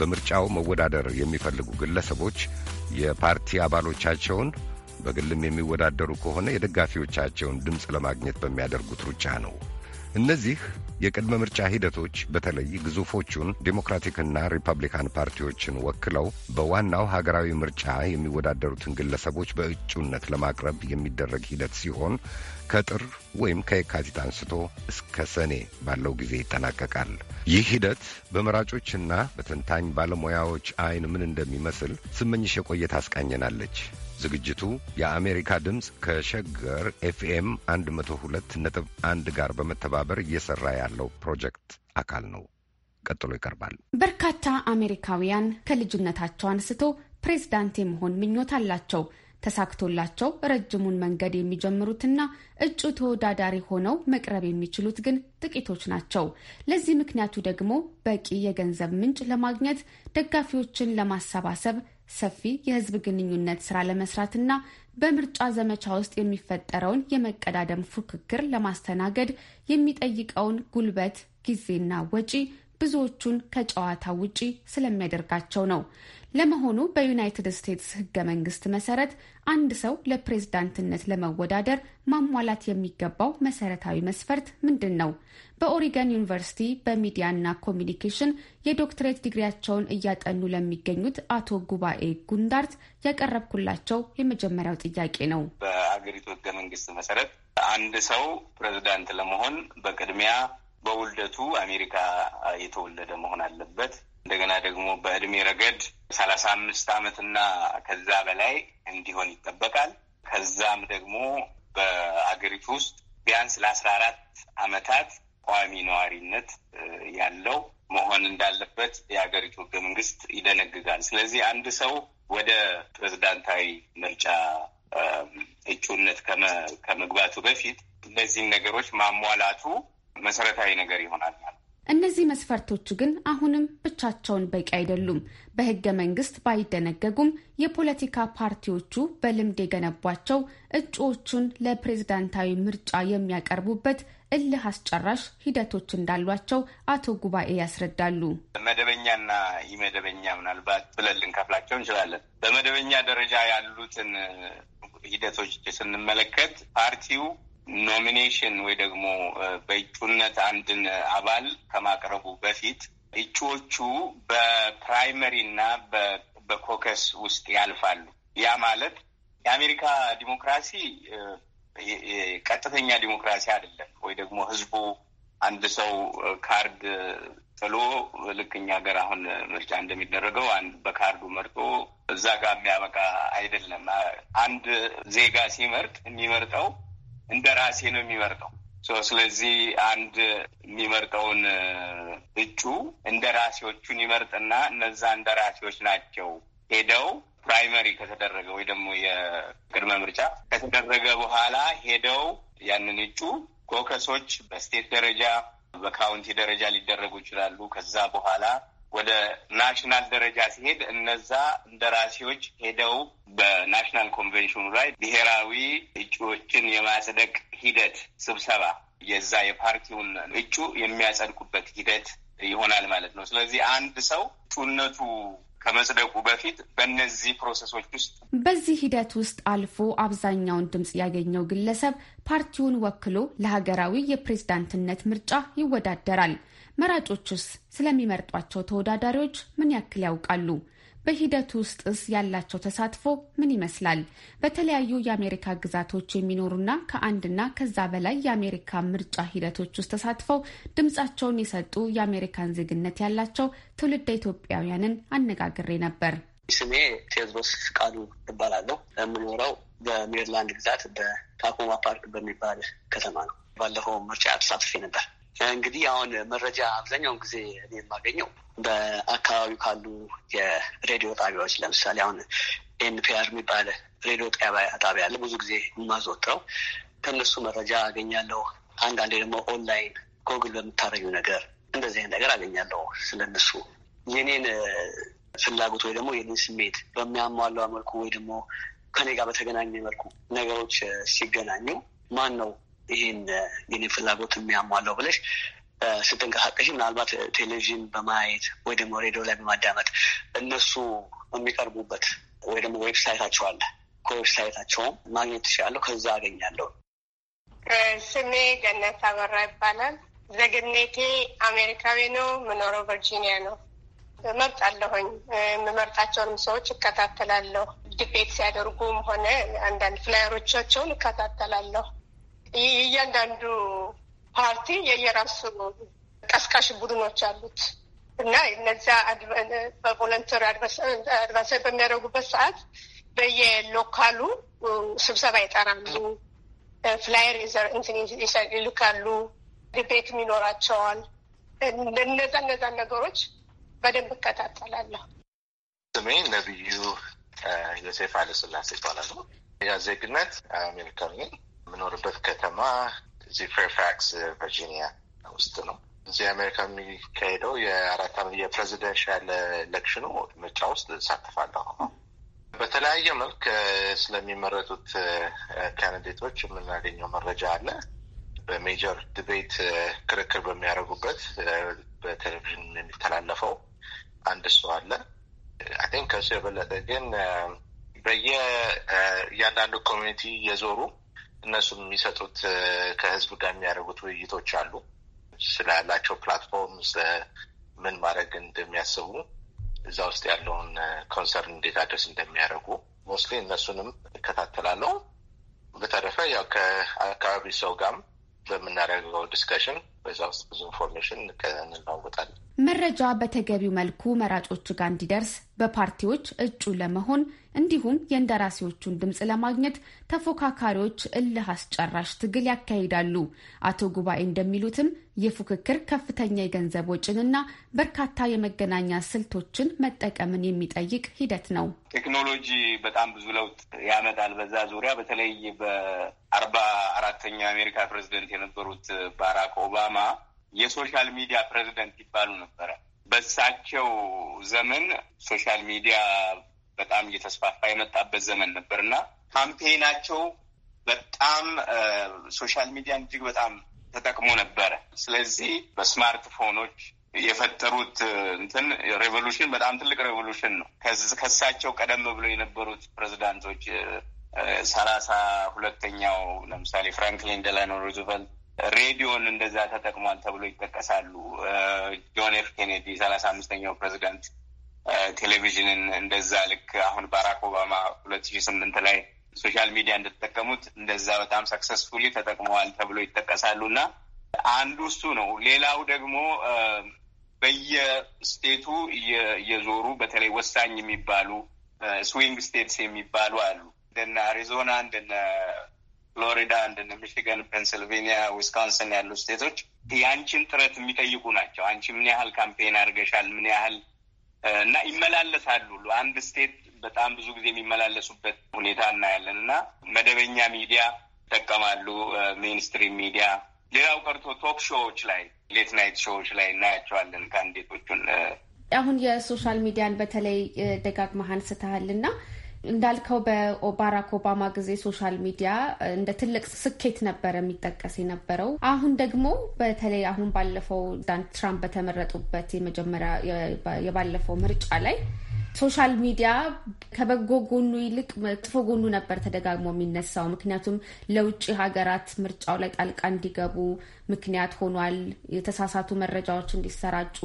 በምርጫው መወዳደር የሚፈልጉ ግለሰቦች የፓርቲ አባሎቻቸውን በግልም የሚወዳደሩ ከሆነ የደጋፊዎቻቸውን ድምፅ ለማግኘት በሚያደርጉት ሩጫ ነው። እነዚህ የቅድመ ምርጫ ሂደቶች በተለይ ግዙፎቹን ዴሞክራቲክና ሪፐብሊካን ፓርቲዎችን ወክለው በዋናው ሀገራዊ ምርጫ የሚወዳደሩትን ግለሰቦች በእጩነት ለማቅረብ የሚደረግ ሂደት ሲሆን ከጥር ወይም ከየካቲት አንስቶ እስከ ሰኔ ባለው ጊዜ ይጠናቀቃል። ይህ ሂደት በመራጮችና በተንታኝ ባለሙያዎች አይን ምን እንደሚመስል ስመኝሽ የቆየት አስቃኘናለች? ዝግጅቱ የአሜሪካ ድምፅ ከሸገር ኤፍኤም 1 ጋር በመተባበር እየሰራ ያለው ፕሮጀክት አካል ነው። ቀጥሎ ይቀርባል። በርካታ አሜሪካውያን ከልጅነታቸው አንስቶ ፕሬዝዳንት የመሆን ምኞት አላቸው። ተሳክቶላቸው ረጅሙን መንገድ የሚጀምሩትና እጩ ተወዳዳሪ ሆነው መቅረብ የሚችሉት ግን ጥቂቶች ናቸው። ለዚህ ምክንያቱ ደግሞ በቂ የገንዘብ ምንጭ ለማግኘት ደጋፊዎችን ለማሰባሰብ ሰፊ የህዝብ ግንኙነት ስራ ለመስራትና በምርጫ ዘመቻ ውስጥ የሚፈጠረውን የመቀዳደም ፉክክር ለማስተናገድ የሚጠይቀውን ጉልበት ጊዜና ወጪ ብዙዎቹን ከጨዋታ ውጪ ስለሚያደርጋቸው ነው። ለመሆኑ በዩናይትድ ስቴትስ ህገ መንግስት መሰረት አንድ ሰው ለፕሬዝዳንትነት ለመወዳደር ማሟላት የሚገባው መሰረታዊ መስፈርት ምንድን ነው? በኦሪገን ዩኒቨርሲቲ በሚዲያና ኮሚኒኬሽን የዶክትሬት ዲግሪያቸውን እያጠኑ ለሚገኙት አቶ ጉባኤ ጉንዳርት ያቀረብኩላቸው የመጀመሪያው ጥያቄ ነው። በአገሪቱ ህገ መንግስት መሰረት አንድ ሰው ፕሬዝዳንት ለመሆን በቅድሚያ በውልደቱ አሜሪካ የተወለደ መሆን አለበት። እንደገና ደግሞ በእድሜ ረገድ ሰላሳ አምስት ዓመትና ከዛ በላይ እንዲሆን ይጠበቃል። ከዛም ደግሞ በአገሪቱ ውስጥ ቢያንስ ለአስራ አራት ዓመታት ቋሚ ነዋሪነት ያለው መሆን እንዳለበት የሀገሪቱ ህገ መንግስት ይደነግጋል። ስለዚህ አንድ ሰው ወደ ፕሬዝዳንታዊ ምርጫ እጩነት ከመግባቱ በፊት እነዚህን ነገሮች ማሟላቱ መሰረታዊ ነገር ይሆናል ማለት ነው። እነዚህ መስፈርቶች ግን አሁንም ብቻቸውን በቂ አይደሉም። በህገ መንግስት ባይደነገጉም የፖለቲካ ፓርቲዎቹ በልምድ የገነቧቸው እጩዎቹን ለፕሬዝዳንታዊ ምርጫ የሚያቀርቡበት እልህ አስጨራሽ ሂደቶች እንዳሏቸው አቶ ጉባኤ ያስረዳሉ። መደበኛና ኢመደበኛ ምናልባት ብለን ልንከፍላቸው እንችላለን። በመደበኛ ደረጃ ያሉትን ሂደቶች ስንመለከት ፓርቲው ኖሚኔሽን ወይ ደግሞ በእጩነት አንድን አባል ከማቅረቡ በፊት እጩዎቹ በፕራይመሪ እና በኮከስ ውስጥ ያልፋሉ። ያ ማለት የአሜሪካ ዲሞክራሲ ቀጥተኛ ዲሞክራሲ አይደለም፣ ወይ ደግሞ ህዝቡ አንድ ሰው ካርድ ጥሎ ልክ እኛ ሀገር አሁን ምርጫ እንደሚደረገው አንድ በካርዱ መርጦ እዛ ጋር የሚያበቃ አይደለም። አንድ ዜጋ ሲመርጥ የሚመርጠው እንደ ራሴ ነው የሚመርጠው። ስለዚህ አንድ የሚመርጠውን እጩ እንደ ራሴዎቹን ይመርጥና እነዛ እንደ ራሴዎች ናቸው ሄደው ፕራይመሪ ከተደረገ ወይ ደግሞ የቅድመ ምርጫ ከተደረገ በኋላ ሄደው ያንን እጩ ኮከሶች በስቴት ደረጃ በካውንቲ ደረጃ ሊደረጉ ይችላሉ። ከዛ በኋላ ወደ ናሽናል ደረጃ ሲሄድ እነዛ እንደራሴዎች ሄደው በናሽናል ኮንቬንሽኑ ላይ ብሔራዊ እጩዎችን የማጽደቅ ሂደት ስብሰባ የዛ የፓርቲውን እጩ የሚያጸድቁበት ሂደት ይሆናል ማለት ነው። ስለዚህ አንድ ሰው እጩነቱ ከመጽደቁ በፊት በእነዚህ ፕሮሰሶች ውስጥ በዚህ ሂደት ውስጥ አልፎ አብዛኛውን ድምፅ ያገኘው ግለሰብ ፓርቲውን ወክሎ ለሀገራዊ የፕሬዝዳንትነት ምርጫ ይወዳደራል። መራጮችስ ስለሚመርጧቸው ተወዳዳሪዎች ምን ያክል ያውቃሉ? በሂደቱ ውስጥስ ያላቸው ተሳትፎ ምን ይመስላል? በተለያዩ የአሜሪካ ግዛቶች የሚኖሩና ከአንድና ከዛ በላይ የአሜሪካ ምርጫ ሂደቶች ውስጥ ተሳትፈው ድምጻቸውን የሰጡ የአሜሪካን ዜግነት ያላቸው ትውልደ ኢትዮጵያውያንን አነጋግሬ ነበር። ስሜ ቴዎድሮስ ቃሉ እባላለሁ። የምኖረው በሜሪላንድ ግዛት በታኮማ ፓርክ በሚባል ከተማ ነው። ባለፈው ምርጫ ተሳትፌ ነበር። እንግዲህ አሁን መረጃ አብዛኛውን ጊዜ እኔ የማገኘው በአካባቢው ካሉ የሬዲዮ ጣቢያዎች ለምሳሌ አሁን ኤንፒአር የሚባል ሬዲዮ ጣቢያ አለ። ብዙ ጊዜ የማዘወትረው ከእነሱ መረጃ አገኛለሁ። አንዳንዴ ደግሞ ኦንላይን ጎግል በምታረዩ ነገር እንደዚህ አይነት ነገር አገኛለሁ። ስለነሱ የኔን ፍላጎት ወይ ደግሞ የኔን ስሜት በሚያሟላው መልኩ ወይ ደግሞ ከኔ ጋር በተገናኘ መልኩ ነገሮች ሲገናኙ ማን ነው ይህን የኔ ፍላጎት የሚያሟለው ብለሽ ስትንቀሳቀሽ ምናልባት ቴሌቪዥን በማየት ወይ ደግሞ ሬዲዮ ላይ በማዳመጥ እነሱ የሚቀርቡበት ወይ ደግሞ ዌብሳይታቸው አለ። ከዌብሳይታቸውም ማግኘት ትችላለሁ። ከዛ አገኛለሁ። ስሜ ገነት አበራ ይባላል። ዜግነቴ አሜሪካዊ ነው። የምኖረው ቨርጂኒያ ነው። እመርጣለሁኝ። የምመርጣቸውንም ሰዎች እከታተላለሁ። ዲቤት ሲያደርጉም ሆነ አንዳንድ ፍላየሮቻቸውን እከታተላለሁ። እያንዳንዱ ፓርቲ የየራሱ ቀስቃሽ ቡድኖች አሉት እና እነዚያ በቮለንተሪ አድቫንሰር በሚያደርጉበት ሰዓት በየሎካሉ ስብሰባ ይጠራሉ። ፍላየር ይልካሉ። ዲቤትም ይኖራቸዋል። እነዛ እነዛ ነገሮች በደንብ እከታተላለሁ። ስሜ ነቢዩ ዮሴፍ ኃይለስላሴ ይባላሉ። ያ ዜግነት አሜሪካዊ ነኝ። የምኖርበት ከተማ እዚህ ፌርፋክስ ቨርጂኒያ ውስጥ ነው። እዚህ አሜሪካ የሚካሄደው የአራት ዓመት የፕሬዚደንሻል ኤሌክሽኑ ምርጫ ውስጥ እሳተፋለሁ። በተለያየ መልክ ስለሚመረጡት ካንዲዴቶች የምናገኘው መረጃ አለ። በሜጀር ዲቤት ክርክር በሚያደርጉበት በቴሌቪዥን የሚተላለፈው አንድ ሰው አለ። አይ ቲንክ ከሱ የበለጠ ግን በየ እያንዳንዱ ኮሚኒቲ የዞሩ እነሱም የሚሰጡት ከህዝብ ጋር የሚያደርጉት ውይይቶች አሉ ስላላቸው ፕላትፎርም ምን ማድረግ እንደሚያስቡ እዛ ውስጥ ያለውን ኮንሰርን እንዴት አድረስ እንደሚያደርጉ ሞስሊ እነሱንም እከታተላለሁ። በተረፈ ያው ከአካባቢ ሰው ጋም በምናደርገው ዲስከሽን በዛ ውስጥ ብዙ ኢንፎርሜሽን እንለዋወጣለን። መረጃ በተገቢው መልኩ መራጮች ጋር እንዲደርስ በፓርቲዎች እጩ ለመሆን እንዲሁም የእንደራሴዎቹን ድምፅ ለማግኘት ተፎካካሪዎች እልህ አስጨራሽ ትግል ያካሂዳሉ። አቶ ጉባኤ እንደሚሉትም ይህ ፉክክር ከፍተኛ የገንዘብ ወጪንና በርካታ የመገናኛ ስልቶችን መጠቀምን የሚጠይቅ ሂደት ነው። ቴክኖሎጂ በጣም ብዙ ለውጥ ያመጣል። በዛ ዙሪያ በተለይ በአርባ አራተኛው የአሜሪካ ፕሬዚደንት የነበሩት ባራክ ኦባማ የሶሻል ሚዲያ ፕሬዚደንት ይባሉ ነበረ። በሳቸው ዘመን ሶሻል ሚዲያ በጣም እየተስፋፋ የመጣበት ዘመን ነበር እና ካምፔናቸው በጣም ሶሻል ሚዲያን እጅግ በጣም ተጠቅሞ ነበረ። ስለዚህ በስማርትፎኖች የፈጠሩት እንትን ሬቮሉሽን በጣም ትልቅ ሬቮሉሽን ነው። ከሳቸው ቀደም ብሎ የነበሩት ፕሬዚዳንቶች ሰላሳ ሁለተኛው ለምሳሌ ፍራንክሊን ደላኖ ሩዝቨልት ሬዲዮን እንደዛ ተጠቅሟል ተብሎ ይጠቀሳሉ። ጆን ኤፍ ኬኔዲ ሰላሳ አምስተኛው ፕሬዚዳንት ቴሌቪዥንን እንደዛ ልክ አሁን ባራክ ኦባማ ሁለት ሺ ስምንት ላይ ሶሻል ሚዲያ እንደተጠቀሙት እንደዛ በጣም ሰክሰስፉሊ ተጠቅመዋል ተብሎ ይጠቀሳሉ እና አንዱ እሱ ነው። ሌላው ደግሞ በየስቴቱ እየዞሩ በተለይ ወሳኝ የሚባሉ ስዊንግ ስቴትስ የሚባሉ አሉ እንደነ አሪዞና፣ እንደነ ፍሎሪዳ፣ እንደነ ሚሽገን፣ ፔንስልቬኒያ፣ ዊስኮንሰን ያሉ ስቴቶች የአንቺን ጥረት የሚጠይቁ ናቸው። አንቺ ምን ያህል ካምፔን አድርገሻል? ምን ያህል እና ይመላለሳሉ። አንድ ስቴት በጣም ብዙ ጊዜ የሚመላለሱበት ሁኔታ እናያለን እና መደበኛ ሚዲያ ይጠቀማሉ፣ ሜንስትሪም ሚዲያ ሌላው ቀርቶ ቶክ ሾዎች ላይ ሌት ናይት ሾዎች ላይ እናያቸዋለን ካንዲዴቶቹን። አሁን የሶሻል ሚዲያን በተለይ ደጋግመህ አንስተሃል እና እንዳልከው በባራክ ኦባማ ጊዜ ሶሻል ሚዲያ እንደ ትልቅ ስኬት ነበረ የሚጠቀስ የነበረው። አሁን ደግሞ በተለይ አሁን ባለፈው ዶናልድ ትራምፕ በተመረጡበት የመጀመሪያ የባለፈው ምርጫ ላይ ሶሻል ሚዲያ ከበጎ ጎኑ ይልቅ መጥፎ ጎኑ ነበር ተደጋግሞ የሚነሳው። ምክንያቱም ለውጭ ሀገራት ምርጫው ላይ ጣልቃ እንዲገቡ ምክንያት ሆኗል። የተሳሳቱ መረጃዎች እንዲሰራጩ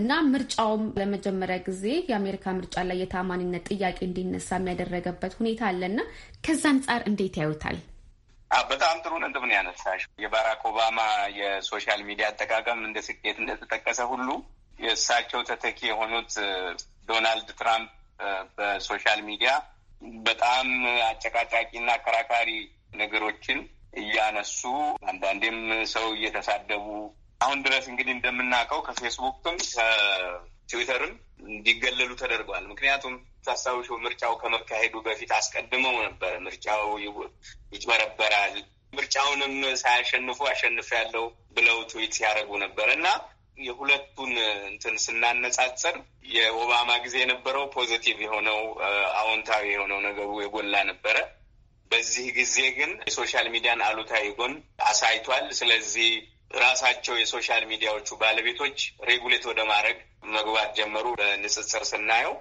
እና ምርጫውም ለመጀመሪያ ጊዜ የአሜሪካ ምርጫ ላይ የታማኒነት ጥያቄ እንዲነሳ የሚያደረገበት ሁኔታ አለና ከዛ አንጻር እንዴት ያዩታል? በጣም ጥሩ ነጥብ ነው ያነሳሽ። የባራክ ኦባማ የሶሻል ሚዲያ አጠቃቀም እንደ ስኬት እንደተጠቀሰ ሁሉ የእሳቸው ተተኪ የሆኑት ዶናልድ ትራምፕ በሶሻል ሚዲያ በጣም አጨቃጫቂ አከራካሪ ነገሮችን እያነሱ አንዳንዴም ሰው እየተሳደቡ አሁን ድረስ እንግዲህ እንደምናውቀው ከፌስቡክም ከትዊተርም እንዲገለሉ ተደርገዋል ምክንያቱም ታስታውሺው ምርጫው ከመካሄዱ በፊት አስቀድመው ነበር ምርጫው ይጭበረበራል፣ ምርጫውንም ሳያሸንፉ አሸንፍ ያለው ብለው ትዊት ሲያደርጉ ነበር እና የሁለቱን እንትን ስናነጻጸር የኦባማ ጊዜ የነበረው ፖዚቲቭ የሆነው አዎንታዊ የሆነው ነገሩ የጎላ ነበረ። በዚህ ጊዜ ግን የሶሻል ሚዲያን አሉታዊ ጎን አሳይቷል። ስለዚህ ራሳቸው የሶሻል ሚዲያዎቹ ባለቤቶች ሬጉሌት ወደ ማድረግ መግባት ጀመሩ። በንጽጽር ስናየው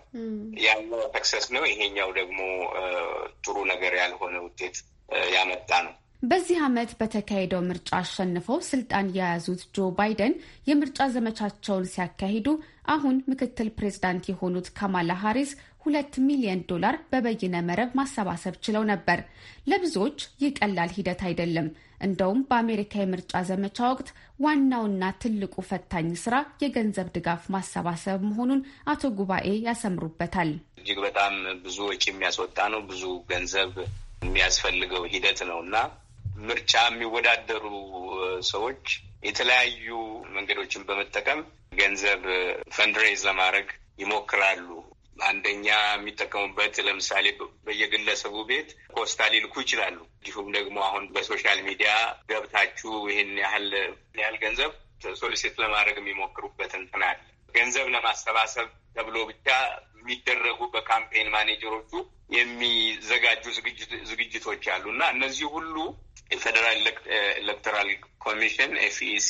ያኛው ተክሰስ ነው፣ ይሄኛው ደግሞ ጥሩ ነገር ያልሆነ ውጤት ያመጣ ነው። በዚህ ዓመት በተካሄደው ምርጫ አሸንፈው ስልጣን የያዙት ጆ ባይደን የምርጫ ዘመቻቸውን ሲያካሂዱ አሁን ምክትል ፕሬዝዳንት የሆኑት ካማላ ሃሪስ ሁለት ሚሊዮን ዶላር በበይነ መረብ ማሰባሰብ ችለው ነበር። ለብዙዎች ይህ ቀላል ሂደት አይደለም። እንደውም በአሜሪካ የምርጫ ዘመቻ ወቅት ዋናውና ትልቁ ፈታኝ ስራ የገንዘብ ድጋፍ ማሰባሰብ መሆኑን አቶ ጉባኤ ያሰምሩበታል። እጅግ በጣም ብዙ ወጪ የሚያስወጣ ነው። ብዙ ገንዘብ የሚያስፈልገው ሂደት ነው እና ምርጫ የሚወዳደሩ ሰዎች የተለያዩ መንገዶችን በመጠቀም ገንዘብ ፈንድሬዝ ለማድረግ ይሞክራሉ። አንደኛ የሚጠቀሙበት ለምሳሌ በየግለሰቡ ቤት ፖስታ ሊልኩ ይችላሉ። እንዲሁም ደግሞ አሁን በሶሻል ሚዲያ ገብታችሁ ይህን ያህል ያህል ገንዘብ ሶሊሴት ለማድረግ የሚሞክሩበት እንትን አለ። ገንዘብ ለማሰባሰብ ተብሎ ብቻ የሚደረጉ በካምፔን ማኔጀሮቹ የሚዘጋጁ ዝግጅቶች አሉ እና እነዚህ ሁሉ የፌዴራል ኤሌክቶራል ኮሚሽን ኤፍኢሲ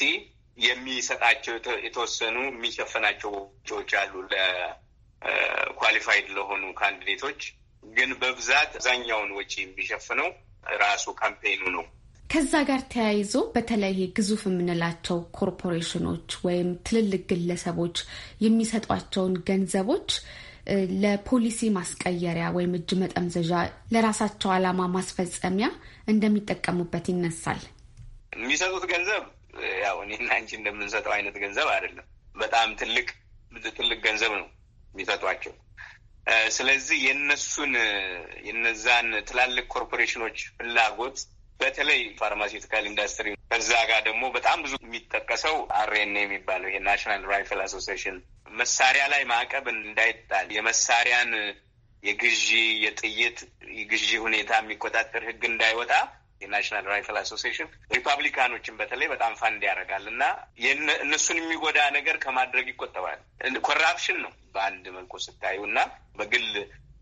የሚሰጣቸው የተወሰኑ የሚሸፈናቸው ወጪዎች አሉ ለኳሊፋይድ ለሆኑ ካንዲዴቶች። ግን በብዛት አብዛኛውን ወጪ የሚሸፍነው ራሱ ካምፔኑ ነው። ከዛ ጋር ተያይዞ በተለይ ግዙፍ የምንላቸው ኮርፖሬሽኖች ወይም ትልልቅ ግለሰቦች የሚሰጧቸውን ገንዘቦች ለፖሊሲ ማስቀየሪያ ወይም እጅ መጠምዘዣ፣ ለራሳቸው ዓላማ ማስፈጸሚያ እንደሚጠቀሙበት ይነሳል። የሚሰጡት ገንዘብ ያው እኔና አንቺ እንደምንሰጠው አይነት ገንዘብ አይደለም። በጣም ትልቅ ትልቅ ገንዘብ ነው የሚሰጧቸው። ስለዚህ የነሱን የነዛን ትላልቅ ኮርፖሬሽኖች ፍላጎት በተለይ ፋርማሲውቲካል ኢንዱስትሪ ከዛ ጋር ደግሞ በጣም ብዙ የሚጠቀሰው አርኤን የሚባለው ይሄ ናሽናል ራይፍል አሶሲሽን መሳሪያ ላይ ማዕቀብ እንዳይጣል የመሳሪያን የግዢ የጥይት የግዢ ሁኔታ የሚቆጣጠር ህግ እንዳይወጣ የናሽናል ራይፍል አሶሲሽን ሪፐብሊካኖችን በተለይ በጣም ፋንድ ያደርጋል እና እነሱን የሚጎዳ ነገር ከማድረግ ይቆጠባል። ኮራፕሽን ነው በአንድ መልኩ ስታዩ እና በግል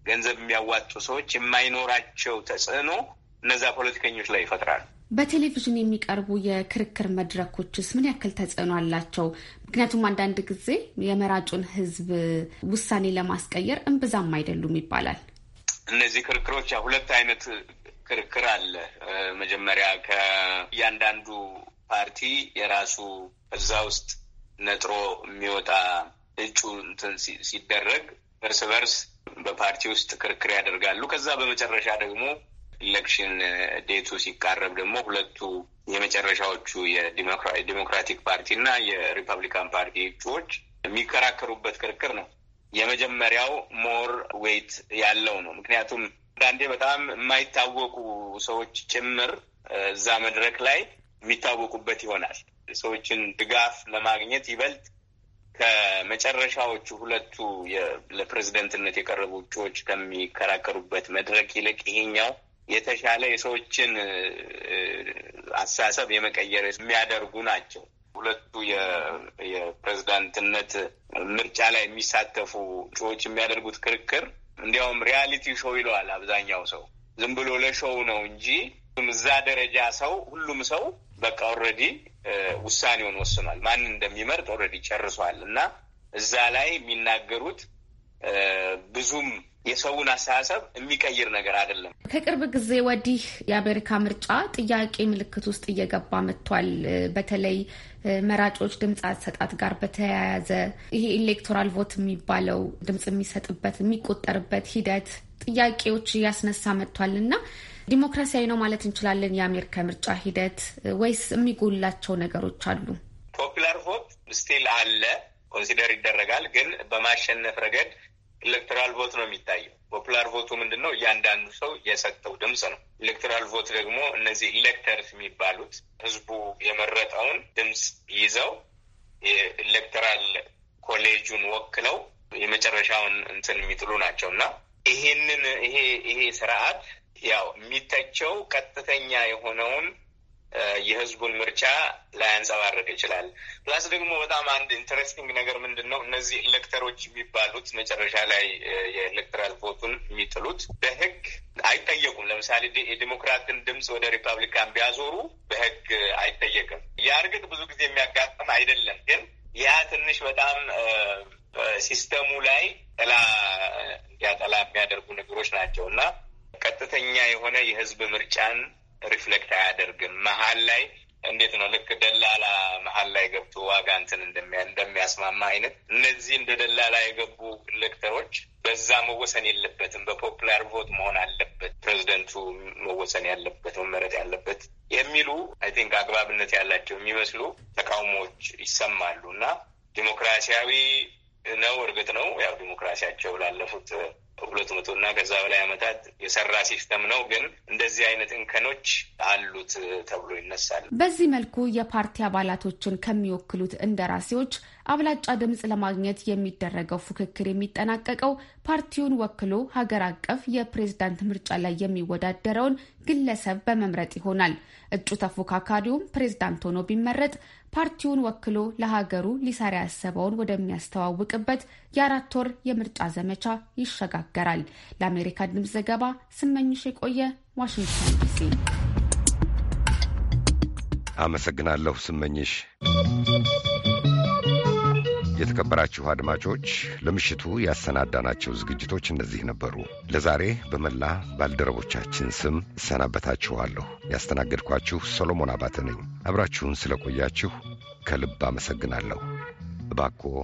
ገንዘብ የሚያዋጡ ሰዎች የማይኖራቸው ተጽዕኖ እነዛ ፖለቲከኞች ላይ ይፈጥራል። በቴሌቪዥን የሚቀርቡ የክርክር መድረኮችስ ምን ያክል ተጽዕኖ አላቸው? ምክንያቱም አንዳንድ ጊዜ የመራጩን ህዝብ ውሳኔ ለማስቀየር እምብዛም አይደሉም ይባላል። እነዚህ ክርክሮች ሁለት አይነት ክርክር አለ። መጀመሪያ ከእያንዳንዱ ፓርቲ የራሱ እዛ ውስጥ ነጥሮ የሚወጣ እጩ እንትን ሲደረግ እርስ በርስ በፓርቲ ውስጥ ክርክር ያደርጋሉ። ከዛ በመጨረሻ ደግሞ ኢሌክሽን ዴቱ uh, ሲቃረብ ደግሞ ሁለቱ የመጨረሻዎቹ የዲሞክራቲክ ፓርቲ እና የሪፐብሊካን ፓርቲ እጩዎች የሚከራከሩበት ክርክር ነው። የመጀመሪያው ሞር ዌይት ያለው ነው። ምክንያቱም አንዳንዴ በጣም የማይታወቁ ሰዎች ጭምር uh, እዛ መድረክ ላይ የሚታወቁበት ይሆናል። ሰዎችን ድጋፍ ለማግኘት ይበልጥ ከመጨረሻዎቹ ሁለቱ ለፕሬዝደንትነት የቀረቡ እጩዎች ከሚከራከሩበት መድረክ ይልቅ ይሄኛው የተሻለ የሰዎችን አስተሳሰብ የመቀየር የሚያደርጉ ናቸው። ሁለቱ የፕሬዝዳንትነት ምርጫ ላይ የሚሳተፉ ሾዎች የሚያደርጉት ክርክር እንዲያውም ሪያሊቲ ሾው ይለዋል አብዛኛው ሰው ዝም ብሎ ለሾው ነው እንጂ እዛ ደረጃ ሰው ሁሉም ሰው በቃ ኦልሬዲ ውሳኔውን ወስኗል። ማንን እንደሚመርጥ ኦልሬዲ ጨርሷል እና እዛ ላይ የሚናገሩት ብዙም የሰውን አስተሳሰብ የሚቀይር ነገር አይደለም። ከቅርብ ጊዜ ወዲህ የአሜሪካ ምርጫ ጥያቄ ምልክት ውስጥ እየገባ መጥቷል። በተለይ መራጮች ድምፅ አሰጣት ጋር በተያያዘ ይሄ ኤሌክቶራል ቮት የሚባለው ድምፅ የሚሰጥበት የሚቆጠርበት ሂደት ጥያቄዎች እያስነሳ መጥቷል እና ዲሞክራሲያዊ ነው ማለት እንችላለን የአሜሪካ ምርጫ ሂደት ወይስ የሚጎላቸው ነገሮች አሉ? ፖፕላር ቮት ስቲል አለ ኮንሲደር ይደረጋል። ግን በማሸነፍ ረገድ ኤሌክትራል ቮት ነው የሚታየው። ፖፕላር ቮቱ ምንድን ነው? እያንዳንዱ ሰው የሰጠው ድምፅ ነው። ኤሌክትራል ቮት ደግሞ እነዚህ ኤሌክተርስ የሚባሉት ህዝቡ የመረጠውን ድምፅ ይዘው የኤሌክትራል ኮሌጁን ወክለው የመጨረሻውን እንትን የሚጥሉ ናቸው እና ይሄንን ይሄ ይሄ ስርዓት ያው የሚተቸው ቀጥተኛ የሆነውን የህዝቡን ምርጫ ላያንጸባረቅ ይችላል። ፕላስ ደግሞ በጣም አንድ ኢንተረስቲንግ ነገር ምንድን ነው እነዚህ ኤሌክተሮች የሚባሉት መጨረሻ ላይ የኤሌክትራል ቮቱን የሚጥሉት በህግ አይጠየቁም። ለምሳሌ የዲሞክራትን ድምፅ ወደ ሪፐብሊካን ቢያዞሩ በህግ አይጠየቅም። ያ እርግጥ ብዙ ጊዜ የሚያጋጥም አይደለም፣ ግን ያ ትንሽ በጣም ሲስተሙ ላይ ጥላ እንዲያጠላ የሚያደርጉ ነገሮች ናቸው እና ቀጥተኛ የሆነ የህዝብ ምርጫን ሪፍሌክት አያደርግም። መሀል ላይ እንዴት ነው ልክ ደላላ መሀል ላይ ገብቶ ዋጋ እንትን እንደሚያስማማ አይነት እነዚህ እንደ ደላላ የገቡ ሌክተሮች በዛ መወሰን የለበትም። በፖፕላር ቮት መሆን አለበት፣ ፕሬዚደንቱ መወሰን ያለበት መመረጥ ያለበት የሚሉ አይ ቲንክ አግባብነት ያላቸው የሚመስሉ ተቃውሞዎች ይሰማሉ እና ዲሞክራሲያዊ ነው። እርግጥ ነው ያው ዲሞክራሲያቸው ላለፉት ሁለት መቶ እና ከዛ በላይ ዓመታት የሰራ ሲስተም ነው። ግን እንደዚህ አይነት እንከኖች አሉት ተብሎ ይነሳል። በዚህ መልኩ የፓርቲ አባላቶችን ከሚወክሉት እንደራሴዎች አብላጫ ድምፅ ለማግኘት የሚደረገው ፉክክር የሚጠናቀቀው ፓርቲውን ወክሎ ሀገር አቀፍ የፕሬዝዳንት ምርጫ ላይ የሚወዳደረውን ግለሰብ በመምረጥ ይሆናል። እጩ ተፎካካሪውም ፕሬዝዳንት ሆኖ ቢመረጥ ፓርቲውን ወክሎ ለሀገሩ ሊሰራ ያሰበውን ወደሚያስተዋውቅበት የአራት ወር የምርጫ ዘመቻ ይሸጋገራል። ለአሜሪካ ድምፅ ዘገባ ስመኝሽ የቆየ ዋሽንግተን ዲሲ። አመሰግናለሁ ስመኝሽ። የተከበራችሁ አድማጮች ለምሽቱ ያሰናዳናቸው ዝግጅቶች እነዚህ ነበሩ። ለዛሬ በመላ ባልደረቦቻችን ስም እሰናበታችኋለሁ። ያስተናገድኳችሁ ሰሎሞን አባተ ነኝ። አብራችሁን ስለቆያችሁ ከልብ አመሰግናለሁ። እባክዎ